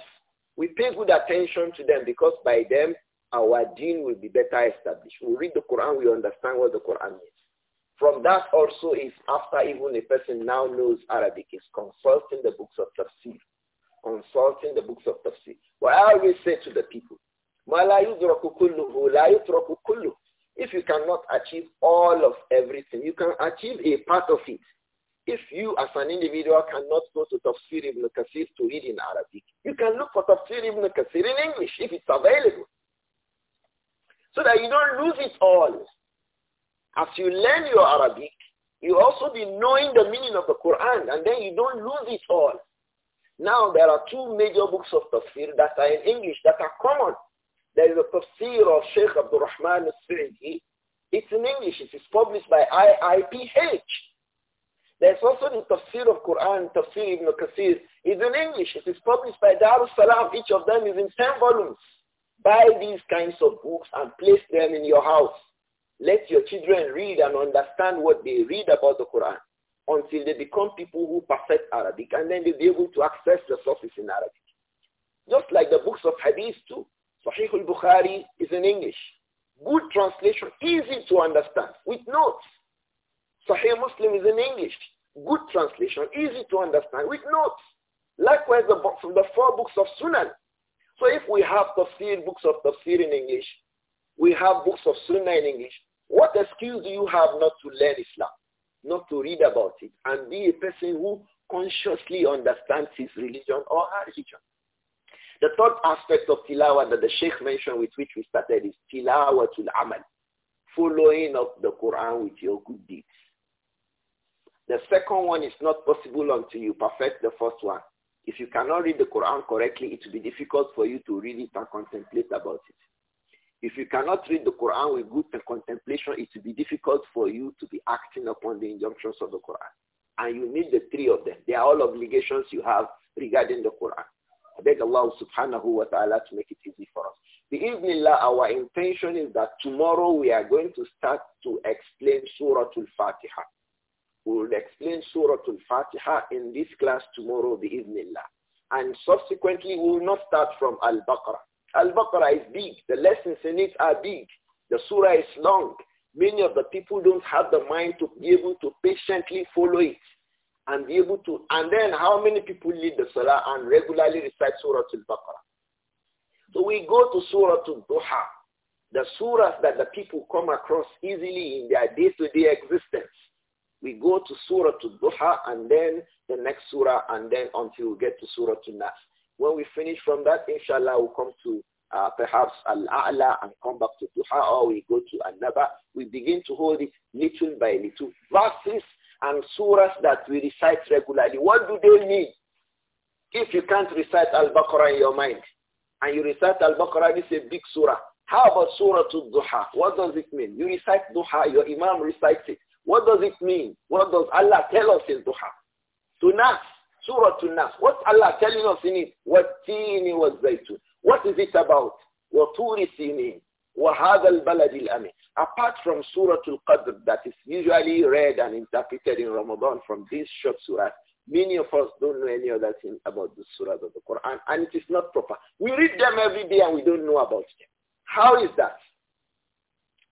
Speaker 1: We pay good attention to them because by them our deen will be better established. We read the Quran, we understand what the Quran means. From that also is after even a person now knows Arabic, is consulting the books of tafsir, consulting the books of tafsir. What I always say to the people, if you cannot achieve all of everything, you can achieve a part of it. If you as an individual cannot go to Tafsir ibn Kasir to read in Arabic, you can look for Tafsir ibn Kasir in English if it's available
Speaker 2: so that you don't lose
Speaker 1: it all. As you learn your Arabic, you also be knowing the meaning of the Quran, and then you don't lose it all. Now there are two major books of tafsir that are in English that are common. There is a tafsir of Sheikh Abdul Rahman al-Sa'idi. It's in English. It is published by IIPH. There's also the tafsir of Quran, tafsir Ibn Kathir. It's in English. It is published by Darussalam. Each of them is in 10 volumes. Buy these kinds of books and place them in your house. Let your children read and understand what they read about the Quran until they become people who perfect Arabic and then they'll be able to access the sources in Arabic. Just like the books of Hadith too. Sahih al-Bukhari is in English. Good translation, easy to understand, with notes. Sahih Muslim is in English. Good translation, easy to understand, with notes. Likewise, the, books, the four books of Sunan, so if we have tafsir, books of tafsir in English, we have books of sunnah in English, what excuse do you have not to learn Islam, not to read about it, and be a person who consciously understands his religion or her religion? The third aspect of tilawa that the sheikh mentioned with which we started is al amal, following up the Quran with your good deeds. The second one is not possible until you perfect the first one. If you cannot read the Quran correctly, it will be difficult for you to read it and contemplate about it. If you cannot read the Quran with good contemplation, it will be difficult for you to be acting upon the injunctions of the Quran. And you need the three of them. They are all obligations you have regarding the Quran. I beg Allah subhanahu wa ta'ala to make it easy for us. The evening, our intention is that tomorrow we are going to start to explain Surah Al-Fatiha. We will explain Surah Al-Fatiha in this class tomorrow, the Iznillah. And subsequently, we will not start from Al-Baqarah. Al-Baqarah is big. The lessons in it are big. The surah is long. Many of the people don't have the mind to be able to patiently follow it and be able to. And then how many people lead the salah and regularly recite Surah Al-Baqarah? So we go to Surah Al-Duha, the surahs that the people come across easily in their day-to-day -day existence. We go to Surah to duha and then the next Surah and then until we get to Surah to nas When we finish from that, inshallah, we'll come to uh, perhaps Al-A'la and come back to Duha or we go to another. We begin to hold it little by little. Verses and surahs that we recite regularly, what do they mean? If you can't recite Al-Baqarah in your mind and you recite Al-Baqarah, it's a big surah. How about Surah to Duha? What does it mean? You recite Duha, your Imam recites it. What does it mean? What does Allah tell us in Duha? To Nas, Surah to Nas. What's Allah telling us in it? What tini was zaytun. What is it about? وَطُورِ سِينِينَ وَهَذَا الْبَلَدِ الْأَمِينَ Apart from Surah Al-Qadr that is usually read and interpreted in Ramadan from this short surah, many of us don't know any other thing about the surahs of the Quran and it is not proper. We read them every day and we don't know about them. How is that?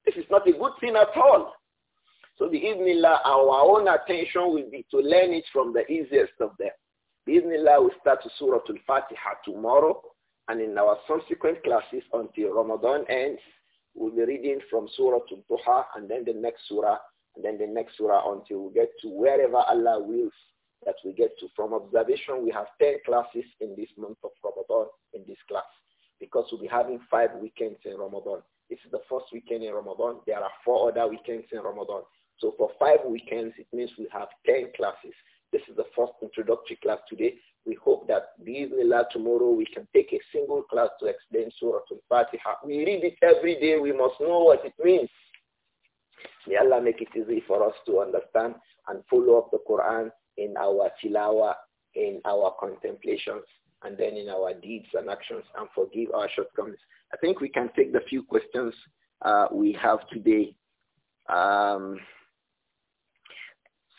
Speaker 1: This is not a good thing at all. So the Iznillah, our own attention will be to learn it from the easiest of them. The Iznillah will start to Surah Al-Fatiha tomorrow and in our subsequent classes until Ramadan ends, we'll be reading from Surah Al-Duha and then the next Surah and then the next Surah until we get to wherever Allah wills that we get to. From observation, we have 10 classes in this month of Ramadan in this class because we'll be having five weekends in Ramadan. This is the first weekend in Ramadan. There are four other weekends in Ramadan. So for five weekends, it means we have 10 classes. This is the first introductory class today. We hope that Bismillah tomorrow we can take a single class to explain Surah Al-Fatiha. We read it every day. We must know what it means. May Allah make it easy for us to understand and follow up the Quran in our tilawa, in our contemplations, and then in our deeds and actions and forgive our shortcomings. I think we can take the few questions uh, we have today. Um,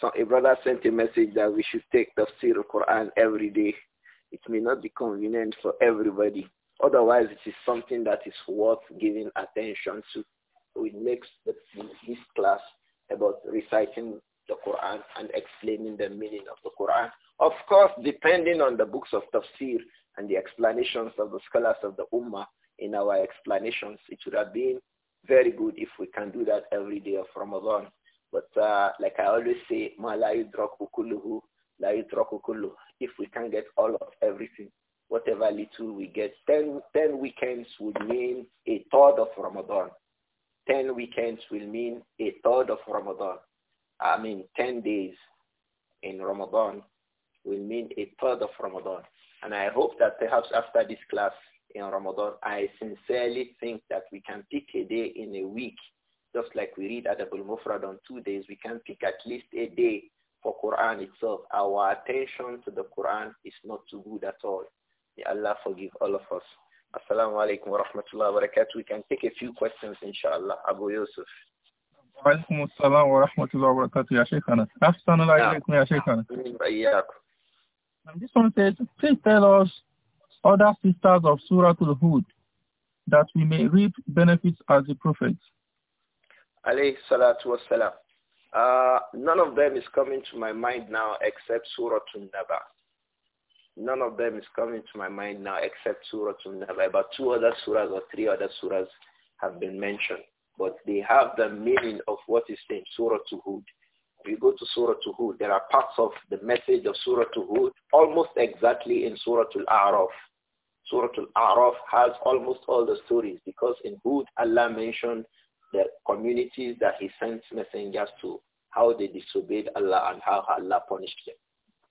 Speaker 1: so a brother sent a message that we should take the Tafsir Quran every day. It may not be convenient for everybody. Otherwise, it is something that is worth giving attention to. We make this class about reciting the Quran and explaining the meaning of the Quran. Of course, depending on the books of tafsir and the explanations of the scholars of the Ummah in our explanations, it would have been very good if we can do that every day of Ramadan. But uh, like I always say, If we can get all of everything, whatever little we get, 10, 10 weekends would mean a third of Ramadan. 10 weekends will mean a third of Ramadan. I mean, 10 days in Ramadan will mean a third of Ramadan. And I hope that perhaps after this class in Ramadan, I sincerely think that we can pick a day in a week just like we read at the mufrad on two days, we can pick at least a day for Quran itself. Our attention to the Quran is not too good at all. May Allah forgive all of us. Assalamu alaikum wa rahmatullahi wa barakatuh. We can take a few questions, inshallah. Abu
Speaker 2: Yusuf. وعليكم السلام ورحمة الله وبركاته يا شيخنا أحسن الله إليكم يا شيخنا And this one says, please tell us other sisters of Surah Al-Hud that we may reap benefits as the prophets
Speaker 1: alayhi salatu wasalam. Uh, none of them is coming to my mind now except Surah An-Naba. None of them is coming to my mind now except Surah An-Naba. About two other surahs or three other surahs have been mentioned, but they have the meaning of what is in Surah Hud. If you go to Surah Hud, there are parts of the message of Surah Hud almost exactly in Surah Al-A'raf. Surah Al-A'raf has almost all the stories because in Hud, Allah mentioned the communities that he sent messengers to, how they disobeyed Allah and how Allah punished them.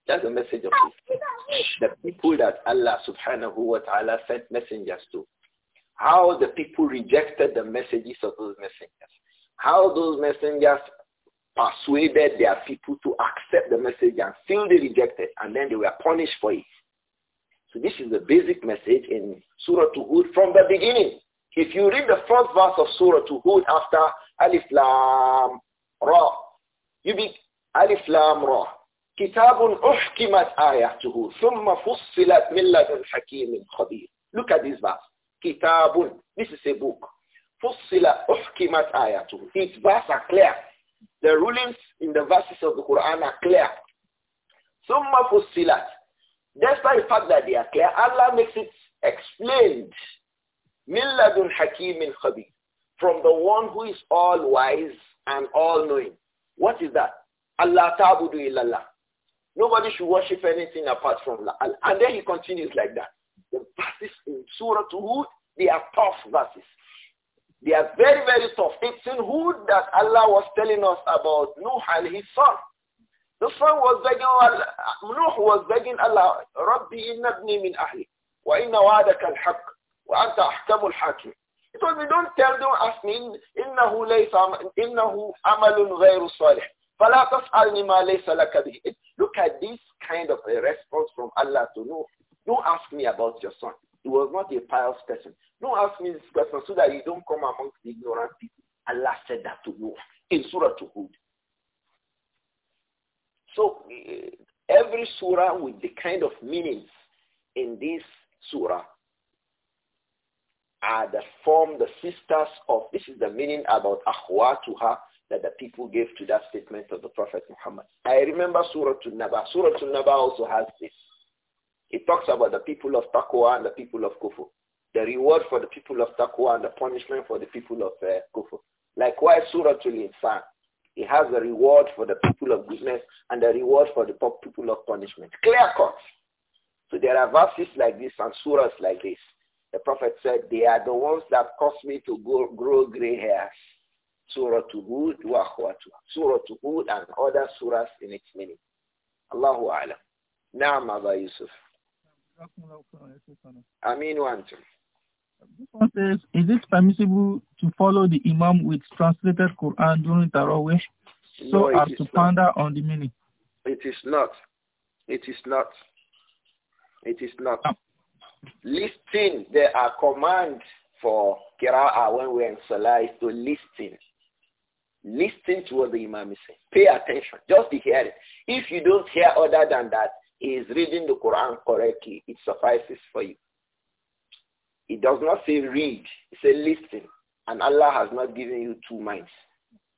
Speaker 1: That's the message of this. The people that Allah subhanahu wa ta'ala sent messengers to, how the people rejected the messages of those messengers, how those messengers persuaded their people to accept the message and still they rejected and then they were punished for it. So this is the basic message in Surah Hud from the beginning. If you read the first verse of Surah to Hud after Alif Lam Ra, you be Alif Lam Ra. كتاب أحكمت آياته ثم فصلت من لدن حكيم خبير. Look at this verse. كتاب. This is a book. فصل أحكمت آياته. Its verse are clear. The rulings in the verses of the Quran are clear. ثم فصلت. Despite the fact that they are clear, Allah makes it explained Milladun Hakimin Khabir. From the one who is all wise and all knowing. What is that? Allah ta'budu illallah. Nobody should worship anything apart from Allah. And then he continues like that. The verses in Surah Hud, they are tough verses. They are very, very tough. It's in Hud that Allah was telling us about Nuh and his son. The son was begging Allah, Nuh was begging Allah, Rabbi innabni min ahli, wa inna wa'adaka al-haqq. وأنت أحكم الحاكم. It was me, don't tell, them. ask me, إنه ليس, إنه عمل غير صالح. فلا تسألني ما ليس لك به. Look at this kind of a response from Allah to know. Don't ask me about your son. He was not a pious person. Don't ask me this question so that you don't come amongst the ignorant people. Allah said that to Noah in Surah to Hud. So eh, every surah with the kind of meanings in this surah are the form, the sisters of, this is the meaning about akhwatuha that the people gave to that statement of the Prophet Muhammad. I remember Surah An-Naba. Surah An-Naba also has this. It talks about the people of Taqwa and the people of Kufur. The reward for the people of Taqwa and the punishment for the people of uh, Kufur. Likewise, Surah Al-Insan. It has the reward for the people of goodness and the reward for the people of punishment. Clear cut. So there are verses like this and surahs like this. The Prophet said, they are the ones that cause me to grow, grow gray hairs. Surah to Hud Surah to Hud and other surahs in its meaning. Allahu Alam. Naam Aba Yusuf. Amin wa antum.
Speaker 2: This one says, is it permissible to follow the Imam with translated Quran during Taraweh
Speaker 1: so no, as to ponder on the meaning? It is not. It is not. It is not. Ah. Listing, there are commands for Kira'ah when we're is to listen. Listen to what the Imam is saying. Pay attention. Just to hear it. If you don't hear other than that, he is reading the Quran correctly. It suffices for you. He does not say read. He says listen. And Allah has not given you two minds.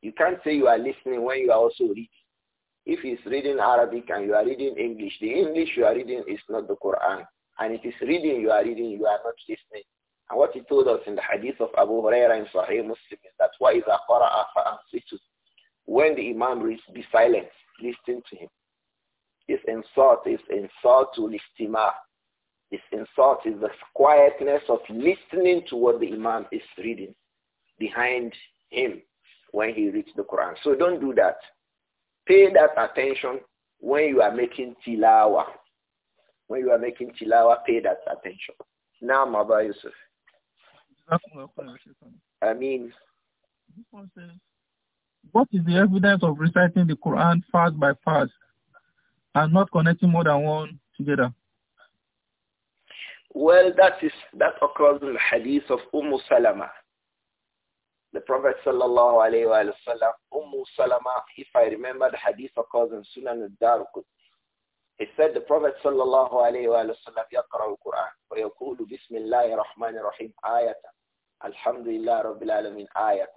Speaker 1: You can't say you are listening when you are also reading. If he's reading Arabic and you are reading English, the English you are reading is not the Quran and it is reading, you are reading, you are not listening. And what he told us in the hadith of Abu Huraira in Sahih Muslim is that وَإِذَا قَرَأَ فَأَنْصِتُ When the imam reads, be silent, listen to him. His insult is insult to listimah. This insult is the quietness of listening to what the imam is reading behind him when he reads the Quran. So don't do that. Pay that attention when you are making tilawa when you are making tilawa, pay that attention. Now, Maba Yusuf. I mean,
Speaker 2: what is the evidence of reciting the Quran fast by fast and not connecting more than one together?
Speaker 1: Well, that is that occurs in the hadith of Umm Salama. The Prophet sallallahu alaihi wasallam, Umm Salama, if I remember, the hadith occurs in Sunan al-Darqut. He said the Prophet sallallahu alayhi wa sallam يقرأ القرآن ويقول بسم الله الرحمن r-Rahim,' آية الحمد لله رب العالمين آية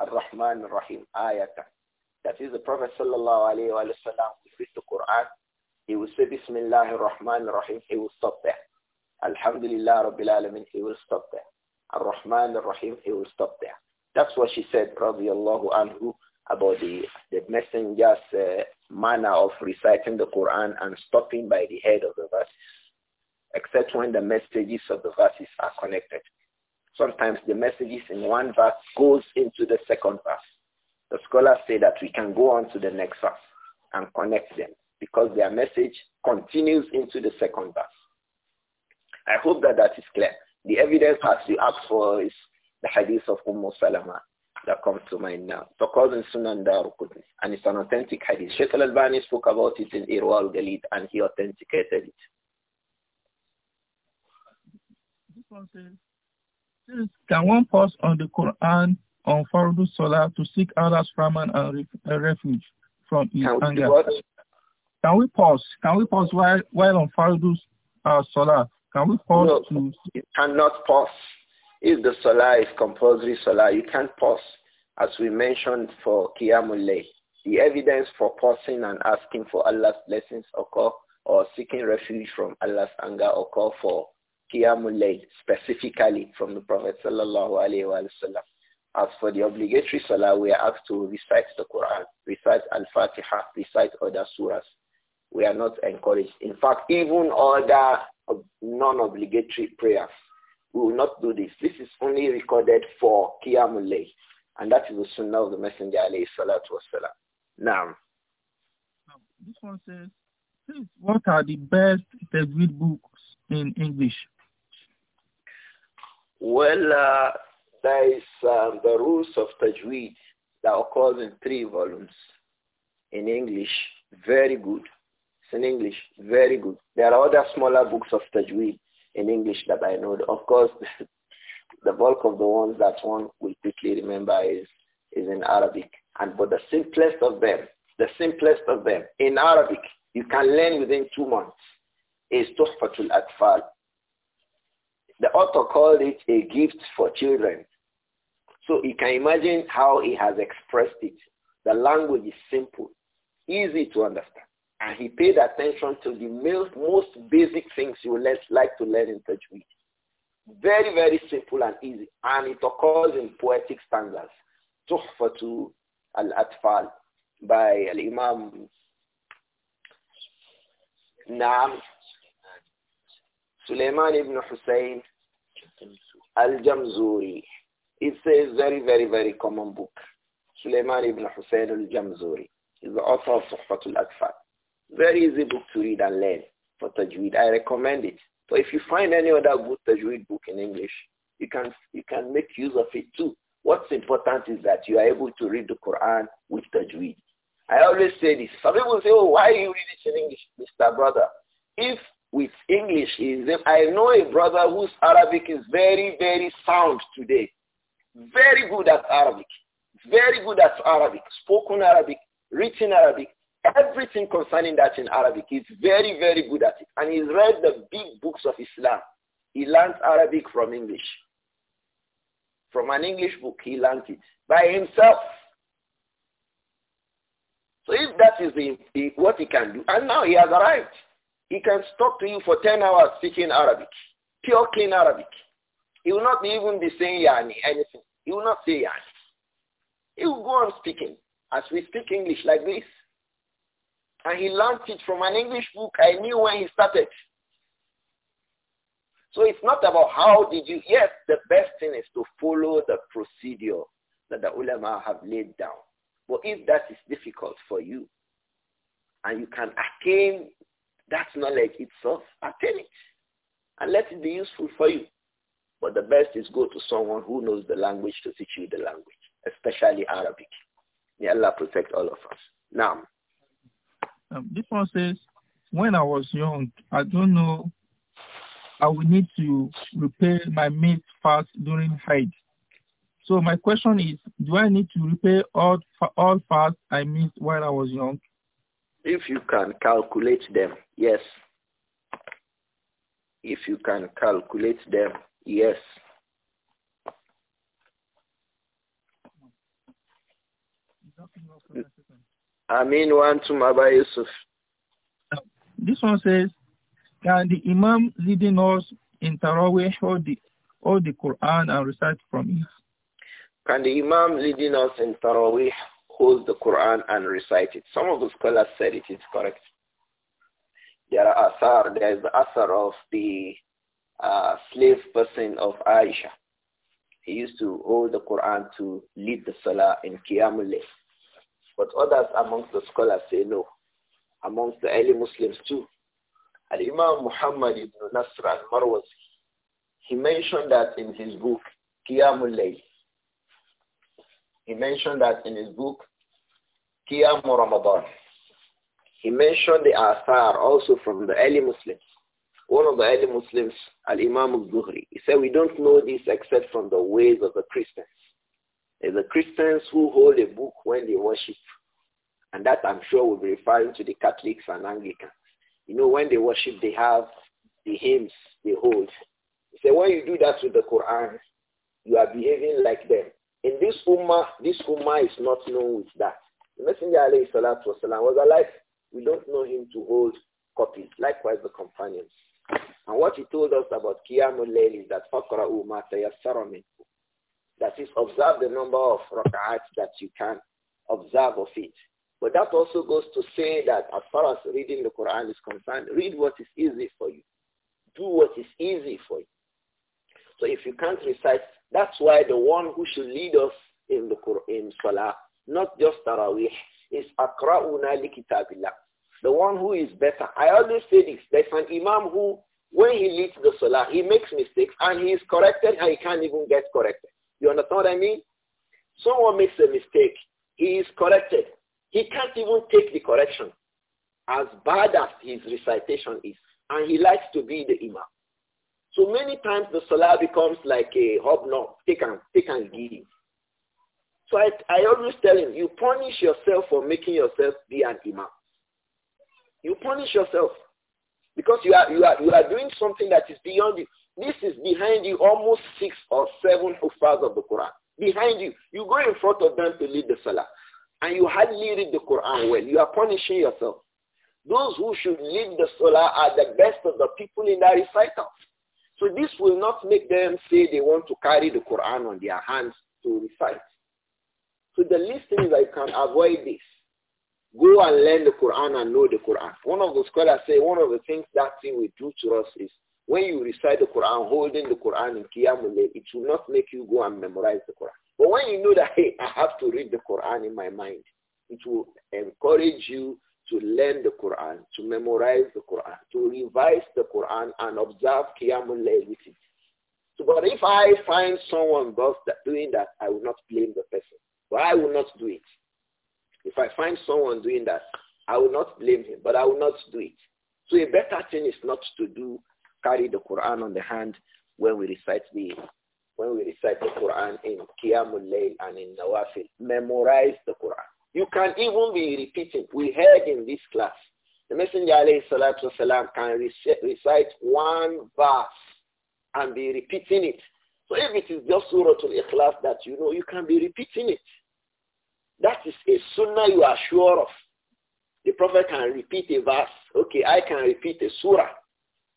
Speaker 1: الرحمن الرحيم آية That is the Prophet sallallahu alayhi wa sallam will read the Quran. He will say Bismillah ar-Rahman rahim He will stop there. Alhamdulillah Rabbil Alamin. He will stop there. Ar-Rahman ar-Rahim. He will stop there. That's what she said, radiallahu anhu, about the, the messenger's uh, manner of reciting the Quran and stopping by the head of the verses, except when the messages of the verses are connected. Sometimes the messages in one verse goes into the second verse. The scholars say that we can go on to the next verse and connect them because their message continues into the second verse. I hope that that is clear. The evidence as you ask for is the hadith of Umm Salama that comes to mind now. So, in Sunan and it's an authentic hadith. Sheikh al-Albani spoke about it in Irwa al and he authenticated it.
Speaker 2: can one pause on the Quran on Fardu Salah to seek Allah's Rahman and uh, refuge from his can anger? can we pause? Can we pause while, while on Fardu uh, Salah? Can we pause no, to... You
Speaker 1: cannot pause if the salah is compulsory salah, you can't pause, as we mentioned for Qiyamul The evidence for pausing and asking for Allah's blessings occur or seeking refuge from Allah's anger occur for Qiyamul specifically from the Prophet sallallahu alaihi wasallam. As for the obligatory salah, we are asked to recite the Quran, recite Al-Fatiha, recite other surahs. We are not encouraged. In fact, even other non-obligatory prayers we will not do this. This is only recorded for Qiyamul And that is the sunnah of the Messenger alayhi salatu wasalam. Now.
Speaker 2: now. This one says, please, what are the best Tajweed books in English?
Speaker 1: Well, uh, there is um, the rules of Tajweed that occurs in three volumes. In English, very good. It's in English, very good. There are other smaller books of Tajweed in English that I know. Of course, the bulk of the ones that one will quickly remember is, is in Arabic. And but the simplest of them, the simplest of them in Arabic, you can learn within two months, is Tuhfatul Atfal. The author called it a gift for children. So you can imagine how he has expressed it. The language is simple, easy to understand and he paid attention to the most basic things you would like to learn in Tajweed. Very, very simple and easy. And it occurs in poetic stanzas. Tuhfatu al-Atfal by Al-Imam Naam Suleiman ibn Hussein al-Jamzuri. It's a very, very, very common book. Suleiman ibn Hussein al-Jamzuri is the author of Tuhfatul Atfal. Very easy book to read and learn for Tajweed. I recommend it. But if you find any other good Tajweed book in English, you can, you can make use of it too. What's important is that you are able to read the Quran with Tajweed. I always say this. Some people say, oh, why you read it in English, Mr. Brother? If with English is, I know a brother whose Arabic is very, very sound today. Very good at Arabic. Very good at Arabic. Spoken Arabic, written Arabic, Everything concerning that in Arabic, he's very, very good at it. And he's read the big books of Islam. He learned Arabic from English. From an English book, he learned it by himself. So if that is the, the, what he can do, and now he has arrived, he can talk to you for 10 hours speaking Arabic, pure clean Arabic. He will not even be saying Yani anything. He will not say Yani. He will go on speaking as we speak English like this. And he learnt it from an English book I knew when he started. So it's not about how did you, yes, the best thing is to follow the procedure that the ulama have laid down. But if that is difficult for you and you can attain that knowledge itself, attain it and let it be useful for you. But the best is go to someone who knows the language to teach you the language, especially Arabic. May Allah protect all of us. Now.
Speaker 2: Um, this one says, when I was young, I don't know, I will need to repay my missed fast during Hajj. So my question is, do I need to repay all, all fast I missed while I was young?
Speaker 1: If you can calculate them, yes. If you can calculate them, yes. Nothing else Amin wantum Abba Yusuf.
Speaker 2: This one says, can the Imam leading us in tarawih hold the, hold the Quran and recite from it?
Speaker 1: Can the Imam leading us in tarawih hold the Quran and recite it? Some of the scholars said it is correct. There are asar, there is the asar of the uh, slave person of Aisha. He used to hold the Quran to lead the Salah in Qiyamul Layl. But others amongst the scholars say no, amongst the early Muslims too. al Imam Muhammad ibn Nasr al-Marwazi, he mentioned that in his book, Qiyamul Layl. He mentioned that in his book, Qiyam Ramadan. He mentioned the Athar also from the early Muslims. One of the early Muslims, Al-Imam al-Zuhri, he said, we don't know this except from the ways of the Christians is the Christians who hold a book when they worship. And that I'm sure will be referring to the Catholics and Anglicans. You know, when they worship, they have the hymns they hold. So when you do that with the Quran, you are behaving like them. In this Ummah, this Ummah is not known with that. The Messenger alayhi salatu wasalam, was alive. We don't know him to hold copies. Likewise, the companions. And what he told us about Qiyamul Layl is that that is, observe the number of rak'ahs that you can observe of it. But that also goes to say that as far as reading the Quran is concerned, read what is easy for you. Do what is easy for you. So if you can't recite, that's why the one who should lead us in the Quran, in Salah, not just Tarawih, is Akra'una li kitabillah. The one who is better. I always say this. There's an imam who, when he leads the Salah, he makes mistakes and he is corrected and he can't even get corrected. You understand what I mean? Someone makes a mistake. He is corrected. He can't even take the correction as bad as his recitation is. And he likes to be the imam. So many times the salah becomes like a hobnob, take and, take and give. So I, I always tell him, you punish yourself for making yourself be an imam. You punish yourself because you are, you are, you are doing something that is beyond you. This is behind you almost six or seven huffaz of the Quran. Behind you. You go in front of them to lead the salah. And you hardly read the Quran well. You are punishing yourself. Those who should lead the salah are the best of the people in that recital. So this will not make them say they want to carry the Quran on their hands to recite. So the least thing is I can avoid this. Go and learn the Quran and know the Quran. One of the scholars say one of the things that thing will do to us is when you recite the Quran, holding the Quran in Qiyamul it will not make you go and memorize the Quran. But when you know that, hey, I have to read the Quran in my mind, it will encourage you to learn the Quran, to memorize the Quran, to revise the Quran and observe Qiyamul with it. So, but if I find someone doing that, I will not blame the person. But I will not do it. If I find someone doing that, I will not blame him, but I will not do it. So a better thing is not to do carry the Quran on the hand when we recite the when we recite the Quran in Qiyamul Layl and in Nawafil. Memorize the Quran. You can even be repeating. We heard in this class, the Messenger alayhi salatu can recite one verse and be repeating it. So if it is just Surah Al-Ikhlas that you know, you can be repeating it. That is a sunnah you are sure of. The Prophet can repeat a verse. Okay, I can repeat a surah.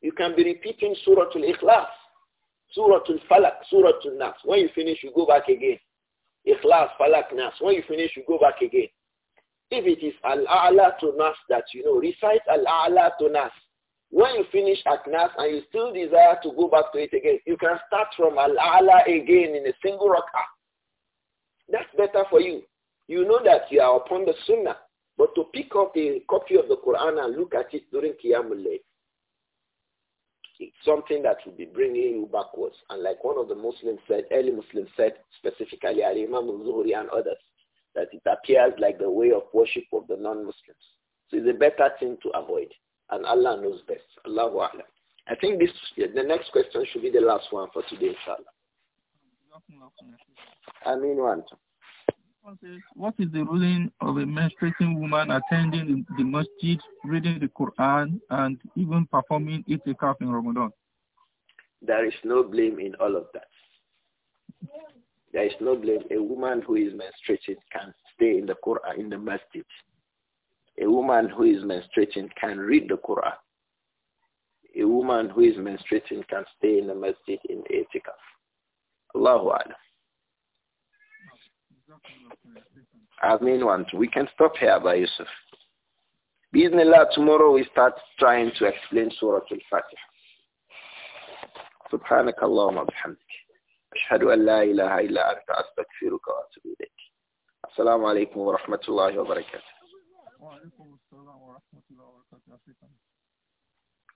Speaker 1: You can be repeating Surah Al-Ikhlas, Surah Al-Falak, Surah Al-Nas. When you finish, you go back again. Ikhlas, Falak, Nas. When you finish, you go back again. If it is Al-A'la to Nas that you know, recite Al-A'la to Nas. When you finish at Nas and you still desire to go back to it again, you can start from Al-A'la again in a single rak'ah. That's better for you. You know that you are upon the Sunnah. But to pick up a copy of the Quran and look at it during Qiyamul Layl, something that will be bringing you backwards. And like one of the Muslims said, early Muslims said, specifically imam Zuhri and others, that it appears like the way of worship of the non-Muslims. So it's a better thing to avoid. And Allah knows best. Allahu A'lam. I think this the next question should be the last one for
Speaker 2: today, inshallah. I mean one what is the ruling of a menstruating woman attending the masjid, reading the Quran, and even performing itikaf in Ramadan?
Speaker 1: There is no blame in all of that. There is no blame. A woman who is menstruating can stay in the Quran, in the masjid. A woman who is menstruating can read the Quran. A woman who is menstruating can stay in the masjid in itikaf. Allahu Alam. I've made one. We can stop here, by Yusuf. Bismillah, tomorrow we start trying to explain Surah Al-Fatiha. سبحانك اللهم وبحمدك أشهد أن لا إله إلا أنت أستغفرك وأتوب إليك السلام
Speaker 2: عليكم ورحمة الله وبركاته وعليكم السلام ورحمة الله وبركاته